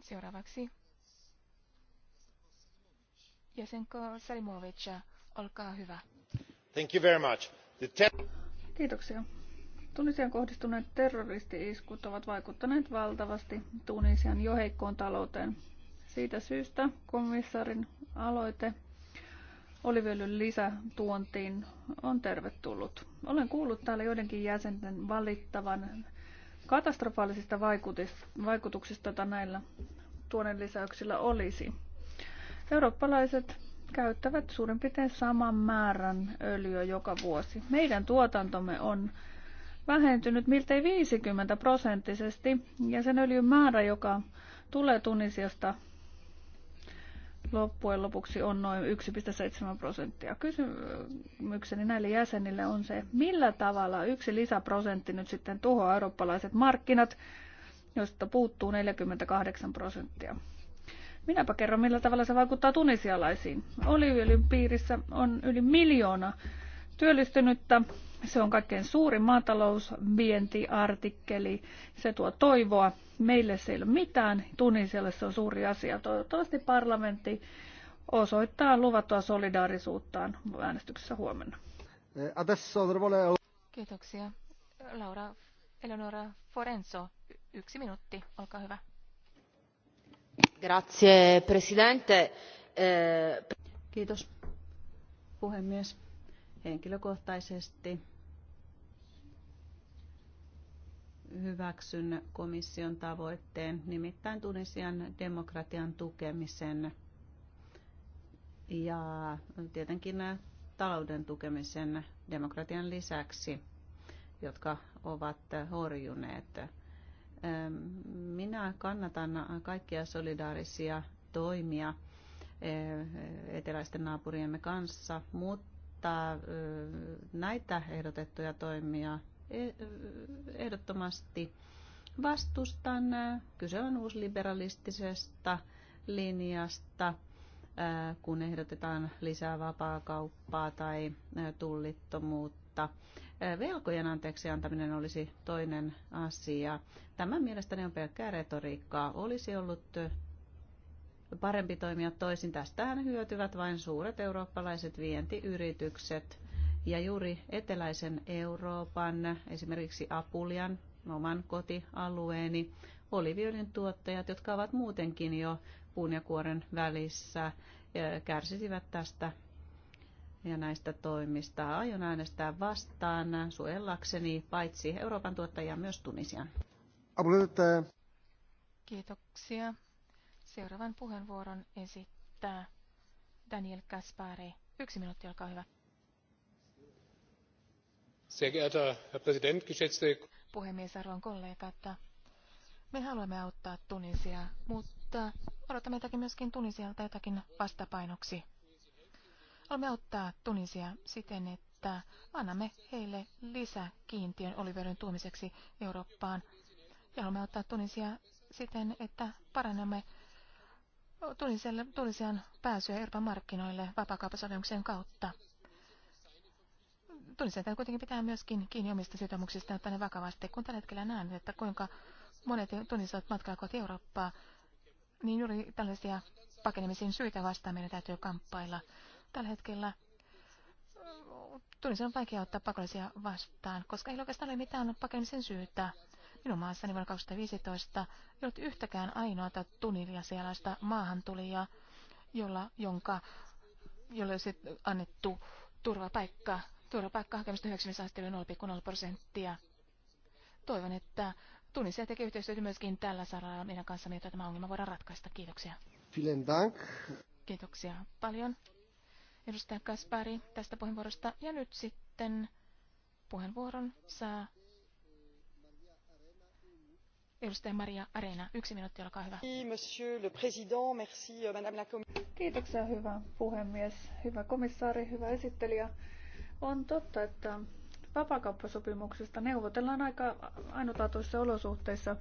Seuraavaksi jäsenko Salimovic, olkaa hyvä. Thank you very much. The Kiitoksia. Tunisian kohdistuneet terroristi-iskut ovat vaikuttaneet valtavasti Tunisian jo heikkoon talouteen. Siitä syystä komissaarin aloite oliviöljyn lisätuontiin on tervetullut. Olen kuullut täällä joidenkin jäsenten valittavan katastrofaalisista vaikutuksista, joita näillä tuonen lisäyksillä olisi. Eurooppalaiset käyttävät suurin piirtein saman määrän öljyä joka vuosi. Meidän tuotantomme on vähentynyt miltei 50 prosenttisesti ja sen öljyn määrä, joka tulee Tunisiasta loppujen lopuksi on noin 1,7 prosenttia. Kysymykseni näille jäsenille on se, millä tavalla yksi lisäprosentti nyt sitten tuhoaa eurooppalaiset markkinat, josta puuttuu 48 prosenttia. Minäpä kerron, millä tavalla se vaikuttaa tunisialaisiin. Oliviöljyn piirissä on yli miljoona työllistynyttä. Se on kaikkein suurin maatalousvientiartikkeli. Se tuo toivoa. Meille se ei ole mitään. Tunisialle se on suuri asia. Toivottavasti parlamentti osoittaa luvattua solidaarisuuttaan äänestyksessä huomenna. Kiitoksia. Laura Eleonora Forenzo, yksi minuutti, olkaa hyvä arvoisa eh, Kiitos puhemies. Henkilökohtaisesti hyväksyn komission tavoitteen, nimittäin Tunisian demokratian tukemisen ja tietenkin talouden tukemisen demokratian lisäksi, jotka ovat horjuneet. Minä kannatan kaikkia solidaarisia toimia eh, eteläisten naapuriemme kanssa, mutta eh, näitä ehdotettuja toimia eh, ehdottomasti vastustan. Kyse on uusliberalistisesta linjasta, kun ehdotetaan lisää vapaa kauppaa tai tullittomuutta. Velkojen anteeksi antaminen olisi toinen asia. Tämän mielestäni on pelkkää retoriikkaa. Olisi ollut parempi toimia toisin. Tästähän hyötyvät vain suuret eurooppalaiset vientiyritykset. Ja juuri eteläisen Euroopan, esimerkiksi Apulian, oman kotialueeni, oliviöljyn tuottajat, jotka ovat muutenkin jo puun ja kuoren välissä, kärsisivät tästä ja näistä toimista. Aion äänestää vastaan suojellakseni paitsi Euroopan tuottajia myös Tunisian. Kiitoksia. Seuraavan puheenvuoron esittää Daniel Kaspari. Yksi minuutti, olkaa hyvä. Puhemies, arvon kollegat, me haluamme auttaa Tunisia, mutta odotamme jotakin myöskin Tunisialta jotakin vastapainoksi. Haluamme auttaa Tunisia siten, että annamme heille lisäkiintiön Oliverin tuomiseksi Eurooppaan. Ja haluamme auttaa Tunisia siten, että parannamme Tunisian pääsyä Euroopan markkinoille vapaakaupasopimuksen kautta. Tunisia täytyy kuitenkin pitää myöskin kiinni omista sitoumuksista ottaa ne vakavasti, kun tällä hetkellä näen, että kuinka monet tunnistavat matkalla kohti Eurooppaa, niin juuri tällaisia pakenemisen syitä vastaan meidän täytyy kamppailla. Tällä hetkellä tulisi on vaikea ottaa pakolaisia vastaan, koska ei oikeastaan ole mitään pakemisen syytä. Minun maassani vuonna 2015 ei ollut yhtäkään ainoata sellaista maahantulijaa, jolla, jonka, jolle olisi annettu turvapaikka, turvapaikkahakemusta 90 0,0 prosenttia. Toivon, että Tunisia tekee yhteistyötä myöskin tällä saralla meidän kanssa, jotta tämä ongelma voidaan ratkaista. Kiitoksia. Vielen dank. Kiitoksia paljon edustaja Kaspari tästä puheenvuorosta. Ja nyt sitten puheenvuoron saa Edustaja Maria Arena yksi minuutti, olkaa hyvä. Euh, Kiitoksia, hyvä puhemies, hyvä komissaari, hyvä esittelijä. On totta, että vapakauppasopimuksesta neuvotellaan aika ainutlaatuissa olosuhteissa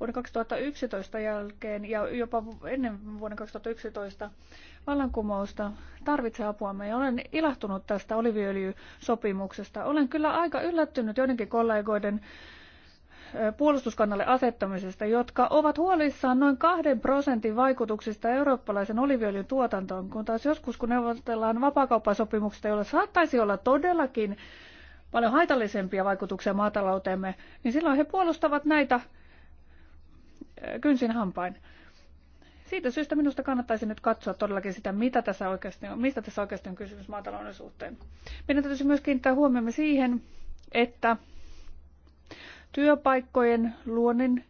vuoden 2011 jälkeen ja jopa ennen vuoden 2011 vallankumousta tarvitsee apuamme ja olen ilahtunut tästä oliviöljysopimuksesta. Olen kyllä aika yllättynyt joidenkin kollegoiden puolustuskannalle asettamisesta, jotka ovat huolissaan noin kahden prosentin vaikutuksista eurooppalaisen oliviöljyn tuotantoon, kun taas joskus kun neuvotellaan vapaakauppasopimuksesta, jolla saattaisi olla todellakin paljon haitallisempia vaikutuksia maatalouteemme, niin silloin he puolustavat näitä Äh, kynsin hampain. Siitä syystä minusta kannattaisi nyt katsoa todellakin sitä, mitä tässä oikeasti on, mistä tässä oikeasti on kysymys maatalouden suhteen. Meidän täytyisi myös kiinnittää huomiomme siihen, että työpaikkojen luonnin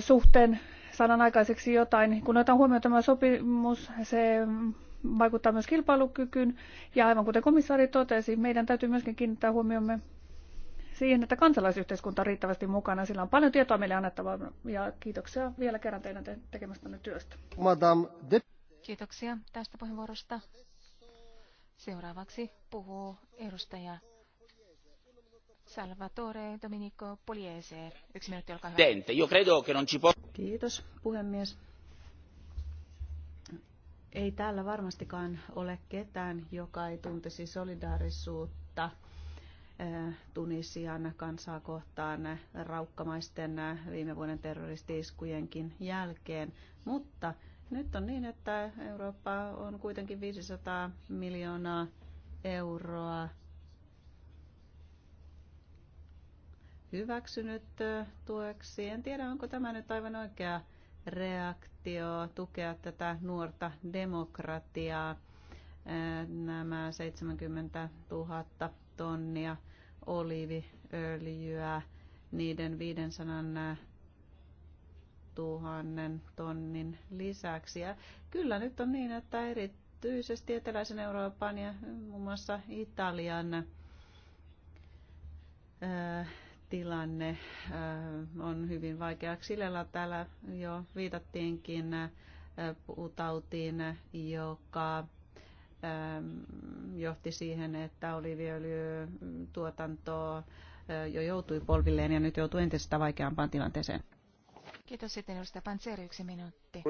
suhteen saadaan aikaiseksi jotain. Kun otetaan huomioon tämä sopimus, se vaikuttaa myös kilpailukykyyn. Ja aivan kuten komissaari totesi, meidän täytyy myöskin kiinnittää huomiomme siihen, että kansalaisyhteiskunta on riittävästi mukana. Sillä on paljon tietoa meille annettavaa ja kiitoksia vielä kerran teidän te- tekemästänne työstä. Madame de... Kiitoksia tästä puheenvuorosta. Seuraavaksi puhuu edustaja Salvatore Dominico Poliese. Yksi minuutti, olkaa hyvä. Io credo che non ci può... Kiitos, puhemies. Ei täällä varmastikaan ole ketään, joka ei tuntisi solidaarisuutta Tunisian kansaa kohtaan raukkamaisten viime vuoden terroristiiskujenkin jälkeen. Mutta nyt on niin, että Eurooppa on kuitenkin 500 miljoonaa euroa hyväksynyt tueksi. En tiedä, onko tämä nyt aivan oikea reaktio tukea tätä nuorta demokratiaa. Nämä 70 000 tonnia oliiviöljyä niiden 500 tuhannen tonnin lisäksi. Ja kyllä nyt on niin, että erityisesti eteläisen Euroopan ja muun mm. muassa Italian tilanne on hyvin vaikeaksi. Sillä täällä jo viitattiinkin puutautiin, joka Ähm, johti siihen, että oliviöljytuotanto äh, jo joutui polvilleen ja nyt joutui entistä vaikeampaan tilanteeseen. Kiitos sitten edustaja Pantseri, yksi minuutti.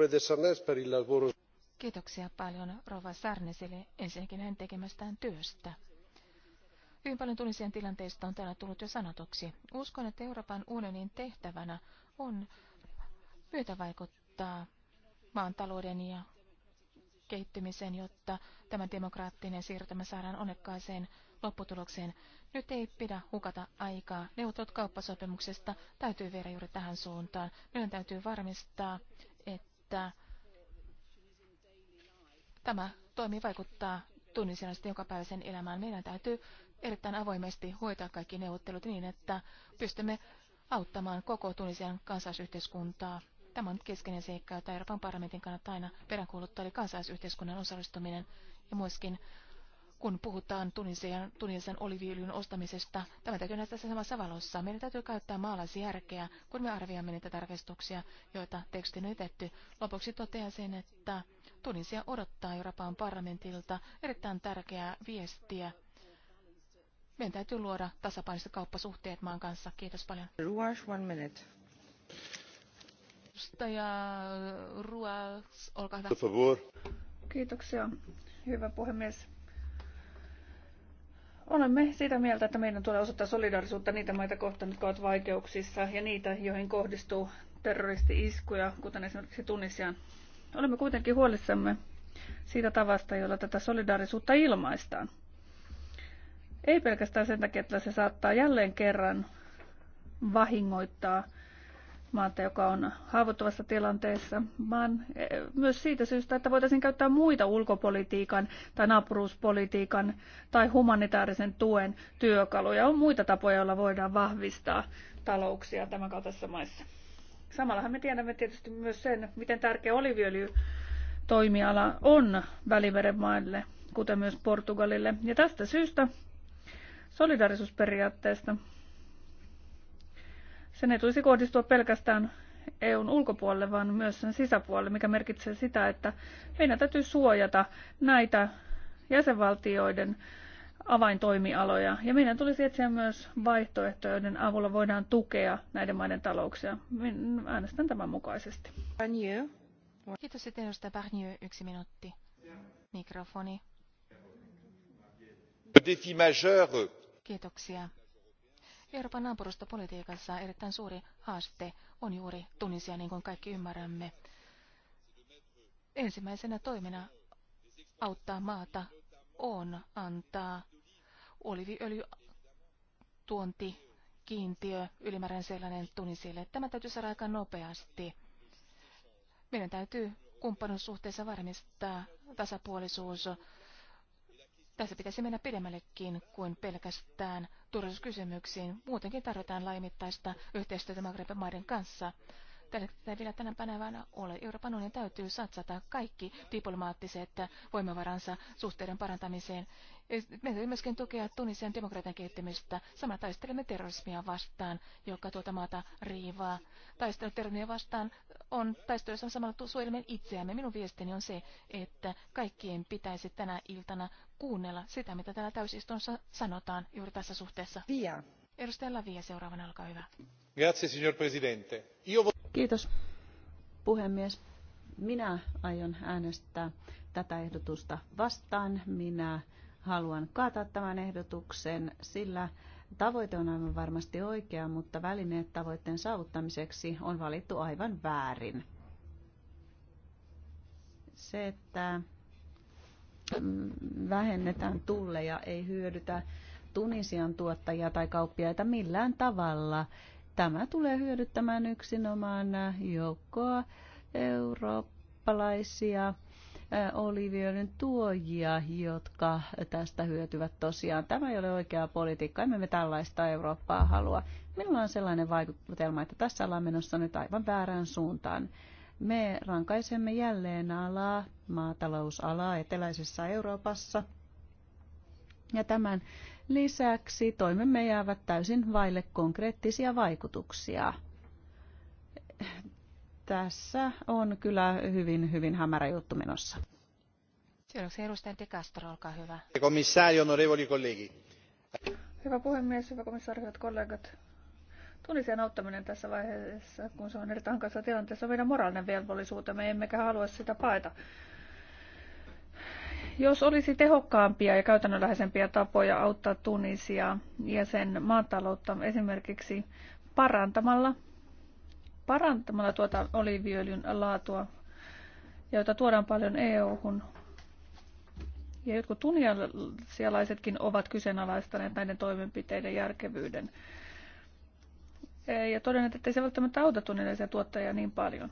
Kiitoksia paljon Rova Sarnesille ensinnäkin hän tekemästään työstä. Hyvin paljon tunnisien tilanteista on täällä tullut jo sanotuksi. Uskon, että Euroopan unionin tehtävänä on myötävaikuttaa maan talouden ja kehittymiseen, jotta tämä demokraattinen siirtymä saadaan onnekkaaseen lopputulokseen. Nyt ei pidä hukata aikaa. Neuvottelut kauppasopimuksesta täytyy viedä juuri tähän suuntaan. Meidän täytyy varmistaa, että tämä toimi vaikuttaa tunnisinaisesti jokapäiväisen elämään. Meidän täytyy erittäin avoimesti hoitaa kaikki neuvottelut niin, että pystymme auttamaan koko tunnisian kansalaisyhteiskuntaa Tämä on keskeinen seikka, jota Euroopan parlamentin kannattaa aina peräänkuuluttaa, eli kansalaisyhteiskunnan osallistuminen ja myöskin kun puhutaan Tunisian, Tunisian oliviöljyn ostamisesta, tämä täytyy näyttää tässä samassa valossa. Meidän täytyy käyttää maalaisjärkeä, kun me arvioimme niitä tarkistuksia, joita tekstin on etetty. Lopuksi totean sen, että Tunisia odottaa Euroopan parlamentilta erittäin tärkeää viestiä. Meidän täytyy luoda tasapainoiset kauppasuhteet maan kanssa. Kiitos paljon. one minute. Edustaja olkaa hyvä. Kiitoksia, hyvä puhemies. Olemme sitä mieltä, että meidän tulee osoittaa solidaarisuutta niitä maita kohtaan, jotka ovat vaikeuksissa ja niitä, joihin kohdistuu terroristi-iskuja, kuten esimerkiksi Tunisiaan. Olemme kuitenkin huolissamme siitä tavasta, jolla tätä solidaarisuutta ilmaistaan. Ei pelkästään sen takia, että se saattaa jälleen kerran vahingoittaa maata, joka on haavoittuvassa tilanteessa, vaan e, myös siitä syystä, että voitaisiin käyttää muita ulkopolitiikan tai naapuruuspolitiikan tai humanitaarisen tuen työkaluja. On muita tapoja, joilla voidaan vahvistaa talouksia tämän kaltaisissa maissa. Samallahan me tiedämme tietysti myös sen, miten tärkeä oliviöljy toimiala on Välimeren maille, kuten myös Portugalille. Ja tästä syystä solidarisuusperiaatteesta sen ei tulisi kohdistua pelkästään EUn ulkopuolelle, vaan myös sen sisäpuolelle, mikä merkitsee sitä, että meidän täytyy suojata näitä jäsenvaltioiden avaintoimialoja. Ja meidän tulisi etsiä myös vaihtoehtoja, joiden avulla voidaan tukea näiden maiden talouksia. Minä äänestän tämän mukaisesti. Kiitos sitten edustaja Barnier. Yksi minuutti. Mikrofoni. Kiitoksia. Euroopan politiikassa erittäin suuri haaste on juuri Tunisia, niin kuin kaikki ymmärrämme. Ensimmäisenä toimena auttaa maata on antaa oliviöljy tuonti kiintiö, ylimääräinen sellainen Tunisille. Tämä täytyy saada aika nopeasti. Meidän täytyy kumppanuussuhteessa varmistaa tasapuolisuus. Tässä pitäisi mennä pidemmällekin kuin pelkästään turvallisuuskysymyksiin. Muutenkin tarvitaan laimittaista yhteistyötä Maghrebin maiden kanssa. Tällä hetkellä vielä tänä päivänä ole. Euroopan unionin täytyy satsata kaikki diplomaattiset voimavaransa suhteiden parantamiseen. Me täytyy myöskin tukea Tunisian demokratian kehittämistä. Samalla taistelemme terrorismia vastaan, joka tuota maata riivaa. Taistelu terrorismia vastaan on taistelussa samalla suojelemme itseämme. Minun viestini on se, että kaikkien pitäisi tänä iltana kuunnella sitä, mitä täällä täysistunnossa sanotaan juuri tässä suhteessa. Via. Edustaja Lavia seuraavana, olkaa hyvä. Grazie, signor Presidente. Io... Kiitos, puhemies. Minä aion äänestää tätä ehdotusta vastaan. Minä haluan kaataa tämän ehdotuksen, sillä Tavoite on aivan varmasti oikea, mutta välineet tavoitteen saavuttamiseksi on valittu aivan väärin. Se, että mm, vähennetään tulleja, ei hyödytä Tunisian tuottajia tai kauppiaita millään tavalla. Tämä tulee hyödyttämään yksinomaan joukkoa eurooppalaisia oliiviöljyn tuojia, jotka tästä hyötyvät tosiaan. Tämä ei ole oikeaa politiikkaa, emme me tällaista Eurooppaa halua. Minulla on sellainen vaikutelma, että tässä ollaan menossa nyt aivan väärään suuntaan. Me rankaisemme jälleen alaa, maatalousalaa eteläisessä Euroopassa. Ja tämän lisäksi toimemme jäävät täysin vaille konkreettisia vaikutuksia tässä on kyllä hyvin, hyvin hämärä juttu menossa. Seuraavaksi edustaja De Castro, olkaa hyvä. Komissaari, onorevoli kollegi. Hyvä puhemies, hyvä komissaari, hyvät kollegat. Tunisian auttaminen tässä vaiheessa, kun se on erittäin hankalassa tilanteessa, on meidän moraalinen velvollisuutemme, emmekä halua sitä paeta. Jos olisi tehokkaampia ja käytännönläheisempiä tapoja auttaa Tunisia ja sen maataloutta esimerkiksi parantamalla parantamalla tuota oliiviöljyn laatua, joita tuodaan paljon EU-hun. Ja jotkut tunnialaisetkin ovat kyseenalaistaneet näiden toimenpiteiden järkevyyden. Ja todennäköisesti että se välttämättä auta tunnialaisia tuottajia niin paljon.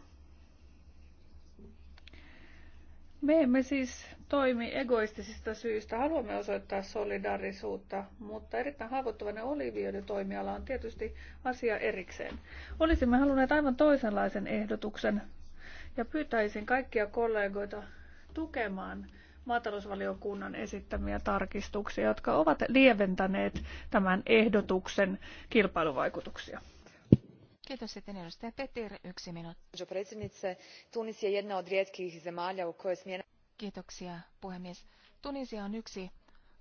Me emme siis toimi egoistisista syistä. Haluamme osoittaa solidaarisuutta, mutta erittäin haavoittuvainen toimiala on tietysti asia erikseen. Olisimme halunneet aivan toisenlaisen ehdotuksen ja pyytäisin kaikkia kollegoita tukemaan maatalousvaliokunnan esittämiä tarkistuksia, jotka ovat lieventäneet tämän ehdotuksen kilpailuvaikutuksia. Kiitos sitten edustaja Petir, yksi minuutti. Tunis puhemies. Tunisia on yksi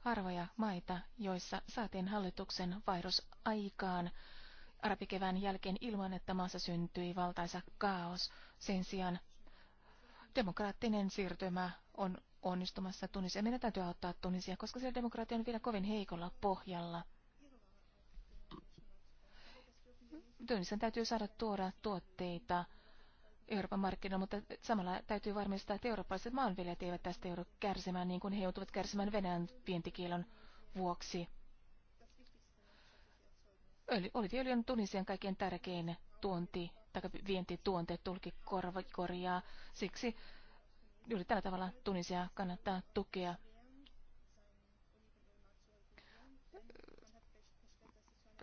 harvoja maita, joissa saatiin hallituksen vaihdos aikaan arabikevään jälkeen ilman, että maassa syntyi valtaisa kaos. Sen sijaan demokraattinen siirtymä on onnistumassa Tunisia. Meidän täytyy auttaa Tunisia, koska siellä demokratia on vielä kovin heikolla pohjalla. Tunnistan täytyy saada tuoda tuotteita Euroopan markkinoilla, mutta samalla täytyy varmistaa, että eurooppalaiset maanviljelijät eivät tästä joudu kärsimään, niin kuin he joutuvat kärsimään Venäjän vientikielon vuoksi. Öljy, oliviöljy on Tunisian kaikkein tärkein tuonti tai vientituonte korjaa, Siksi juuri tällä tavalla Tunisia kannattaa tukea.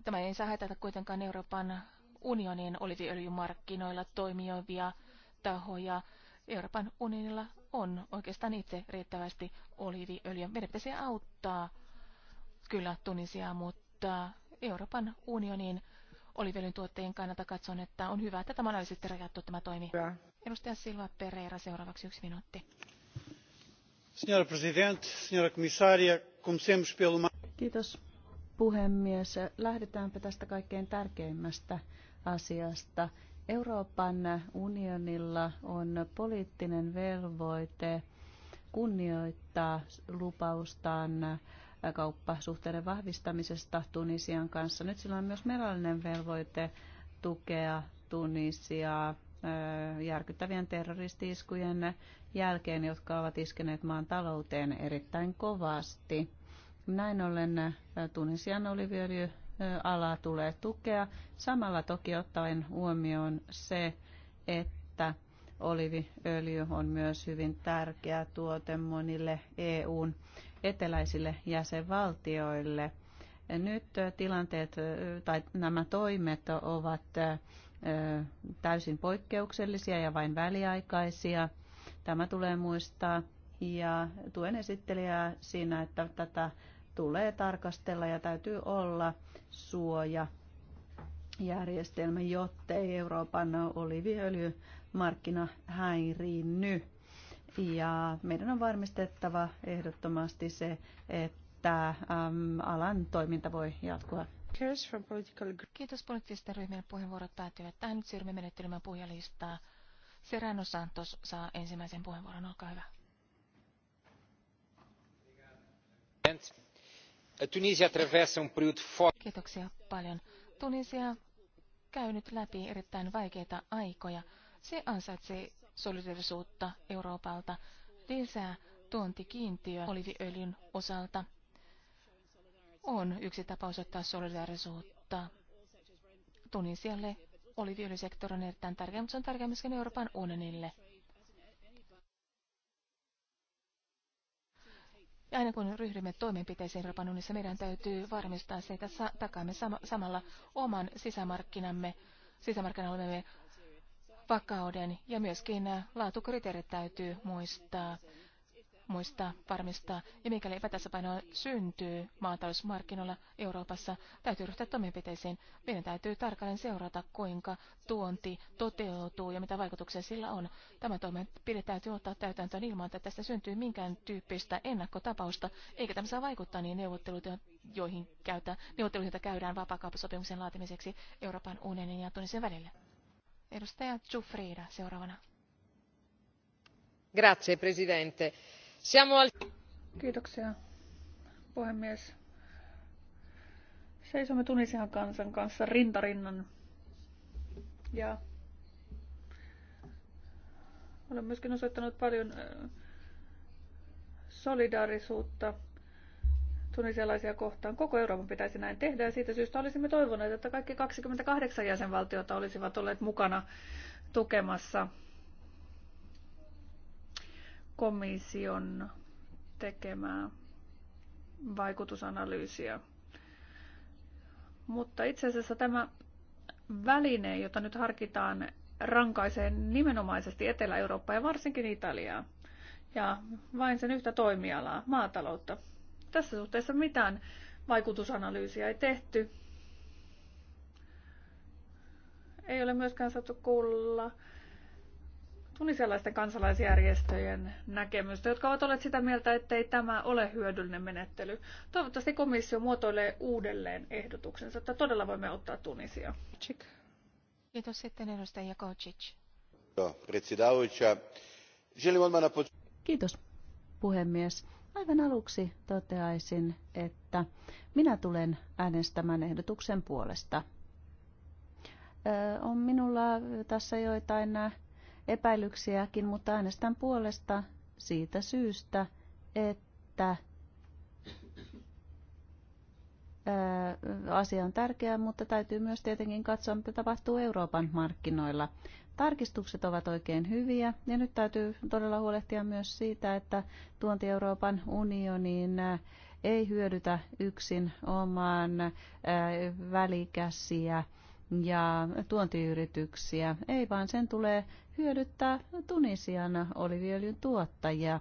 Tämä ei saa haitata kuitenkaan Euroopan unionin oliviöljymarkkinoilla toimivia tahoja. Euroopan unionilla on oikeastaan itse riittävästi oliiviöljyä. Meidän pitäisi auttaa kyllä Tunisia, mutta Euroopan unionin oliviöljyn tuotteen kannalta katson, että on hyvä, että tämä on sitten rajattu tämä toimi. Ja. Edustaja Silva Pereira, seuraavaksi yksi minuutti. Signora Presidente, signora Commissaria, comencemos pelo... Kiitos puhemies. Lähdetäänpä tästä kaikkein tärkeimmästä asiasta. Euroopan unionilla on poliittinen velvoite kunnioittaa lupaustaan kauppasuhteiden vahvistamisesta Tunisian kanssa. Nyt sillä on myös merallinen velvoite tukea Tunisiaa järkyttävien terroristiiskujen jälkeen, jotka ovat iskeneet maan talouteen erittäin kovasti. Näin ollen Tunisian oliviöljyalaa tulee tukea, samalla toki ottaen huomioon se, että oliviöljy on myös hyvin tärkeä tuote monille EUn eteläisille jäsenvaltioille. Nyt tilanteet tai nämä toimet ovat täysin poikkeuksellisia ja vain väliaikaisia. Tämä tulee muistaa ja tuen esittelijää siinä, että tätä tulee tarkastella ja täytyy olla suoja järjestelmä, jottei Euroopan oliviöljy markkina häiriinny. Ja meidän on varmistettava ehdottomasti se, että äm, alan toiminta voi jatkua. Kiitos poliittisten ryhmien puheenvuorot päättyvät. Tähän nyt siirrymme menettelemään puhujalistaa. Serrano Santos saa ensimmäisen puheenvuoron. Olkaa hyvä. Um Kiitoksia paljon. Tunisia käy nyt läpi erittäin vaikeita aikoja. Se ansaitsee solidarisuutta Euroopalta, lisää tuontikiintiö oliviöljyn osalta. On yksi tapa osoittaa solidarisuutta. Tunisialle oliviöljysektori on erittäin tärkeä, mutta se on tärkeä myös Euroopan unionille. Ja aina kun ryhdymme toimenpiteisiin Euroopan unionissa, meidän täytyy varmistaa se, että takaamme sam- samalla oman sisämarkkinamme, sisämarkkinamme vakauden ja myöskin laatukriteerit täytyy muistaa muistaa varmistaa. Ja mikäli epätasapainoa syntyy maatalousmarkkinoilla Euroopassa, täytyy ryhtyä toimenpiteisiin. Meidän täytyy tarkalleen seurata, kuinka tuonti toteutuu ja mitä vaikutuksia sillä on. Tämä toimenpide täytyy ottaa täytäntöön ilman, että tästä syntyy minkään tyyppistä ennakkotapausta, eikä tämä saa vaikuttaa niin neuvottelut, joihin käytä, neuvotteluita käydään vapaakauppasopimuksen laatimiseksi Euroopan unionin ja Tunisen välillä. Edustaja Zufrida seuraavana. Grazie, presidente Siamo Kiitoksia, puhemies. Seisomme Tunisian kansan kanssa rintarinnan. Ja olen myöskin osoittanut paljon solidaarisuutta tunisialaisia kohtaan. Koko Euroopan pitäisi näin tehdä ja siitä syystä olisimme toivoneet, että kaikki 28 jäsenvaltiota olisivat olleet mukana tukemassa komission tekemää vaikutusanalyysiä. Mutta itse asiassa tämä väline, jota nyt harkitaan, rankaisee nimenomaisesti Etelä-Eurooppaa ja varsinkin Italiaa. Ja vain sen yhtä toimialaa, maataloutta. Tässä suhteessa mitään vaikutusanalyysiä ei tehty. Ei ole myöskään saatu kuulla tunisialaisten kansalaisjärjestöjen näkemystä, jotka ovat olleet sitä mieltä, että ei tämä ole hyödyllinen menettely. Toivottavasti komissio muotoilee uudelleen ehdotuksensa, että todella voimme ottaa Tunisia. Chik. Kiitos sitten edustaja Kocic. Kiitos puhemies. Aivan aluksi toteaisin, että minä tulen äänestämään ehdotuksen puolesta. on minulla tässä joitain epäilyksiäkin, mutta äänestän puolesta siitä syystä, että asia on tärkeä, mutta täytyy myös tietenkin katsoa, mitä tapahtuu Euroopan markkinoilla. Tarkistukset ovat oikein hyviä ja nyt täytyy todella huolehtia myös siitä, että tuonti Euroopan unioniin ei hyödytä yksin omaan välikäsiä ja tuontiyrityksiä. Ei vaan sen tulee hyödyttää Tunisian oliviöljyn tuottajia.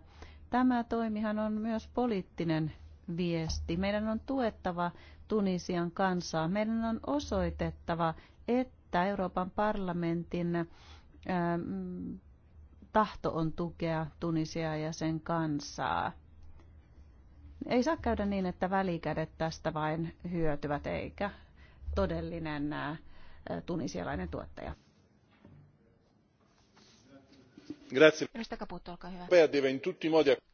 Tämä toimihan on myös poliittinen viesti. Meidän on tuettava Tunisian kansaa. Meidän on osoitettava, että Euroopan parlamentin ähm, tahto on tukea Tunisiaa ja sen kansaa. Ei saa käydä niin, että välikädet tästä vain hyötyvät, eikä todellinen äh, tunisialainen tuottaja.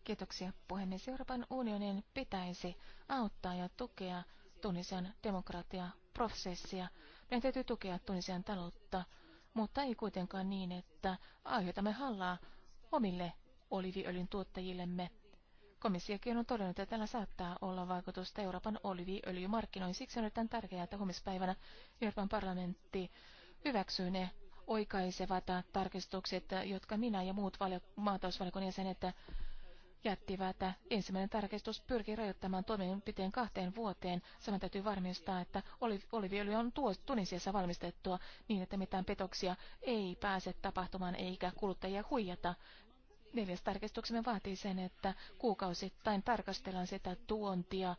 Kiitoksia puhemies. Euroopan unionin pitäisi auttaa ja tukea Tunisian demokratiaprosessia. Meidän täytyy tukea Tunisian taloutta, mutta ei kuitenkaan niin, että aiheutamme hallaa omille oliviöljyn tuottajillemme Komissiokin on todennut, että tällä saattaa olla vaikutusta Euroopan oliviöljymarkkinoihin. Siksi on erittäin tärkeää, että huomispäivänä Euroopan parlamentti hyväksyy ne oikaisevat tarkistukset, jotka minä ja muut valio- maatalousvalikon jäsenet jättivät. Ensimmäinen tarkistus pyrkii rajoittamaan toimenpiteen kahteen vuoteen. Samoin täytyy varmistaa, että oliviöljy on Tunisiassa valmistettua niin, että mitään petoksia ei pääse tapahtumaan eikä kuluttajia huijata. Neljäs tarkistuksemme vaatii sen, että kuukausittain tarkastellaan sitä tuontia,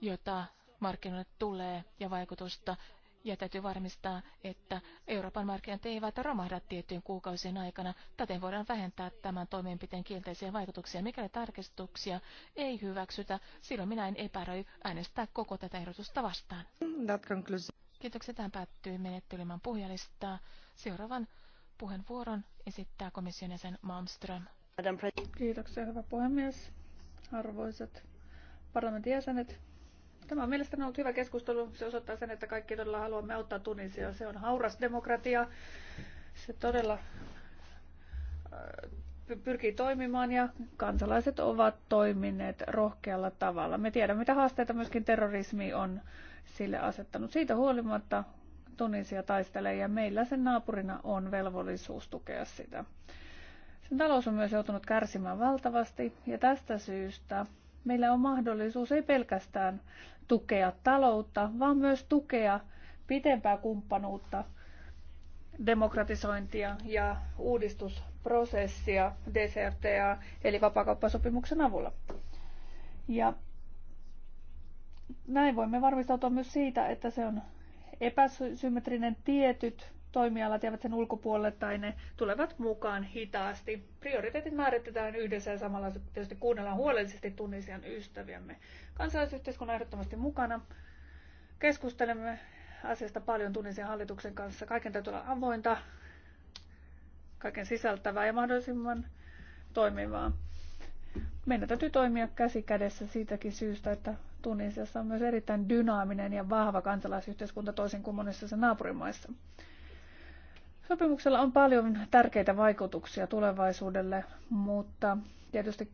jota markkinoille tulee ja vaikutusta. Ja täytyy varmistaa, että Euroopan markkinat eivät romahda tiettyjen kuukausien aikana. Täten voidaan vähentää tämän toimenpiteen kielteisiä vaikutuksia. Mikäli tarkistuksia ei hyväksytä, silloin minä en epäröi äänestää koko tätä ehdotusta vastaan. Kiitoksia. Tämä päättyy menettelymän puhujalistaa. Seuraavan Puheenvuoron esittää komission jäsen Malmström. Kiitoksia, hyvä puhemies. Arvoisat parlamentin jäsenet. Tämä on mielestäni ollut hyvä keskustelu. Se osoittaa sen, että kaikki todella haluamme auttaa Tunisia. Se on hauras demokratia. Se todella äh, pyrkii toimimaan ja kansalaiset ovat toimineet rohkealla tavalla. Me tiedämme, mitä haasteita myöskin terrorismi on sille asettanut. Siitä huolimatta Tunisia taistelee ja meillä sen naapurina on velvollisuus tukea sitä. Sen talous on myös joutunut kärsimään valtavasti ja tästä syystä meillä on mahdollisuus ei pelkästään tukea taloutta, vaan myös tukea pitempää kumppanuutta, demokratisointia ja uudistusprosessia DCFTA eli vapaakauppasopimuksen avulla. Ja näin voimme varmistautua myös siitä, että se on epäsymmetrinen tietyt toimialat jäävät sen ulkopuolelle tai ne tulevat mukaan hitaasti. Prioriteetit määritetään yhdessä ja samalla tietysti kuunnellaan huolellisesti tunnisian ystäviämme. Kansalaisyhteiskunnan ehdottomasti mukana. Keskustelemme asiasta paljon tunnisian hallituksen kanssa. Kaiken täytyy olla avointa, kaiken sisältävää ja mahdollisimman toimivaa. Meidän täytyy toimia käsi kädessä siitäkin syystä, että Tunisiassa on myös erittäin dynaaminen ja vahva kansalaisyhteiskunta toisin kuin monissa sen naapurimaissa. Sopimuksella on paljon tärkeitä vaikutuksia tulevaisuudelle, mutta tietysti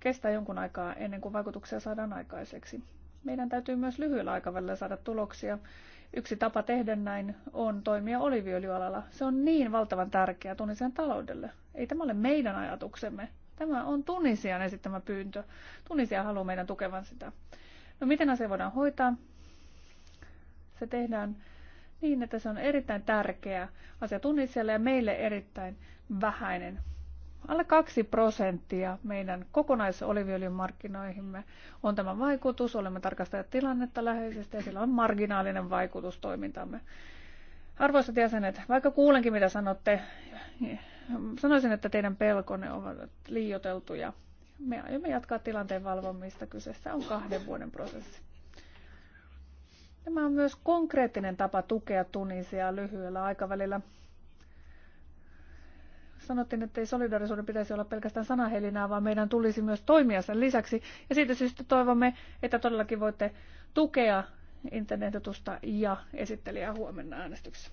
kestää jonkun aikaa ennen kuin vaikutuksia saadaan aikaiseksi. Meidän täytyy myös lyhyellä aikavälillä saada tuloksia. Yksi tapa tehdä näin on toimia oliviöljyalalla. Se on niin valtavan tärkeää tunnisen taloudelle. Ei tämä ole meidän ajatuksemme, Tämä on Tunisian esittämä pyyntö. Tunisia haluaa meidän tukevan sitä. No miten asia voidaan hoitaa? Se tehdään niin, että se on erittäin tärkeä asia Tunisialle ja meille erittäin vähäinen. Alle 2 prosenttia meidän kokonaisoliviöljyn markkinoihimme on tämä vaikutus. Olemme tarkastaneet tilannetta läheisesti ja sillä on marginaalinen vaikutus toimintamme. Arvoisat jäsenet, vaikka kuulenkin mitä sanotte, sanoisin, että teidän pelkonne ovat liioteltuja. Me aiomme jatkaa tilanteen valvomista. Kyseessä on kahden vuoden prosessi. Tämä on myös konkreettinen tapa tukea Tunisiaa lyhyellä aikavälillä. Sanottiin, että ei solidarisuuden pitäisi olla pelkästään sanahelinää, vaan meidän tulisi myös toimia sen lisäksi. Ja siitä syystä toivomme, että todellakin voitte tukea internetotusta ja esittelijää huomenna äänestyksessä.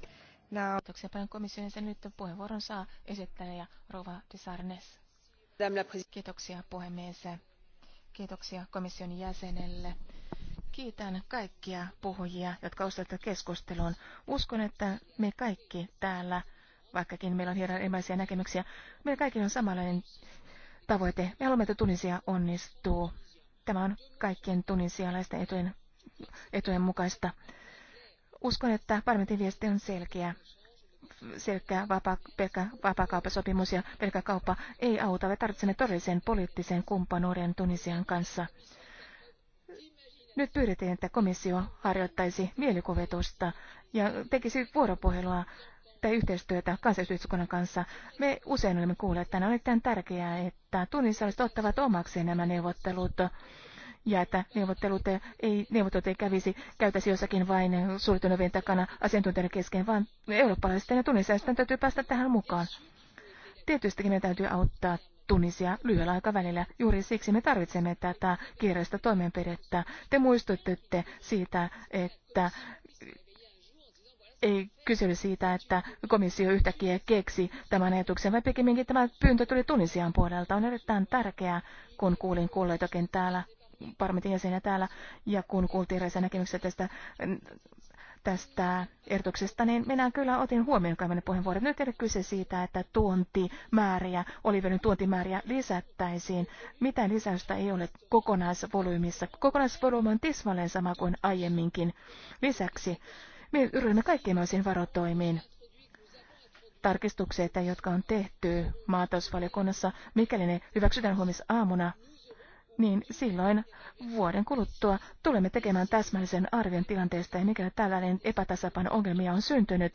No. Kiitoksia paljon komission sen nyt puheenvuoron saa esittelijä Rova Desarnes. Kiitoksia puhemies. Kiitoksia komission jäsenelle. Kiitän kaikkia puhujia, jotka osallistuivat keskusteluun. Uskon, että me kaikki täällä, vaikkakin meillä on hieman erilaisia näkemyksiä, meillä kaikki on samanlainen tavoite. Me haluamme, että Tunisia onnistuu. Tämä on kaikkien tunisialaisten etujen etujen mukaista. Uskon, että parlamentin viesti on selkeä. Selkeä vapaa, pelkä vapaakauppasopimus ja pelkä kauppa ei auta. Me tarvitsemme todellisen poliittisen kumppanuuden Tunisian kanssa. Nyt pyydettiin, että komissio harjoittaisi mielikuvitusta ja tekisi vuoropuhelua tai yhteistyötä kansallisyhteiskunnan kanssa. Me usein olemme kuulleet, että on erittäin tärkeää, että olisi ottavat omaksi nämä neuvottelut ja että neuvottelut eh, ei, neuvottelut ei kävisi, käytäisi jossakin vain eh, suljetun oven takana asiantuntijoiden kesken, vaan eurooppalaisten ja tunnisäisten täytyy päästä tähän mukaan. Tietystikin meidän täytyy auttaa Tunisia lyhyellä aikavälillä. Juuri siksi me tarvitsemme tätä kiireistä toimenpidettä. Te muistutitte siitä, että ei kysely siitä, että komissio yhtäkkiä keksi tämän ajatuksen, vaan pikemminkin tämä pyyntö tuli Tunisian puolelta. On erittäin tärkeää, kun kuulin kuulleitakin täällä parlamentin jäsenä täällä, ja kun kuultiin eräisiä näkemyksiä tästä, tästä ehdotuksesta, niin minä kyllä otin huomioon kaiken puheenvuoron. Nyt ei ole kyse siitä, että tuontimääriä, oliviöljyn tuontimääriä lisättäisiin. Mitään lisäystä ei ole kokonaisvolyymissa. Kokonaisvolyymi on tismalleen sama kuin aiemminkin. Lisäksi me yritämme kaikkiin noisiin varotoimiin tarkistukset, jotka on tehty maatalousvaliokunnassa, mikäli ne hyväksytään huomisaamuna, niin silloin vuoden kuluttua tulemme tekemään täsmällisen arvion tilanteesta ja mikä tällainen epätasapaino ongelmia on syntynyt,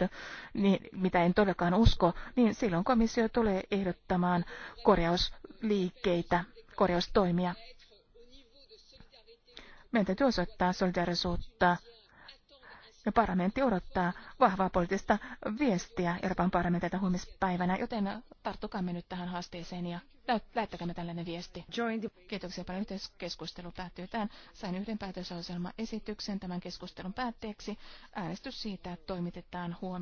niin, mitä en todellakaan usko, niin silloin komissio tulee ehdottamaan korjausliikkeitä, korjaustoimia. Meidän täytyy osoittaa solidarisuutta ja parlamentti odottaa vahvaa poliittista viestiä Euroopan parlamentilta huomispäivänä, joten tarttukaamme nyt tähän haasteeseen ja lähettäkäämme tällainen viesti. Kiitoksia paljon. Yhteiskeskustelu päättyy tähän. Sain yhden esityksen tämän keskustelun päätteeksi. Äänestys siitä toimitetaan huomispäivänä.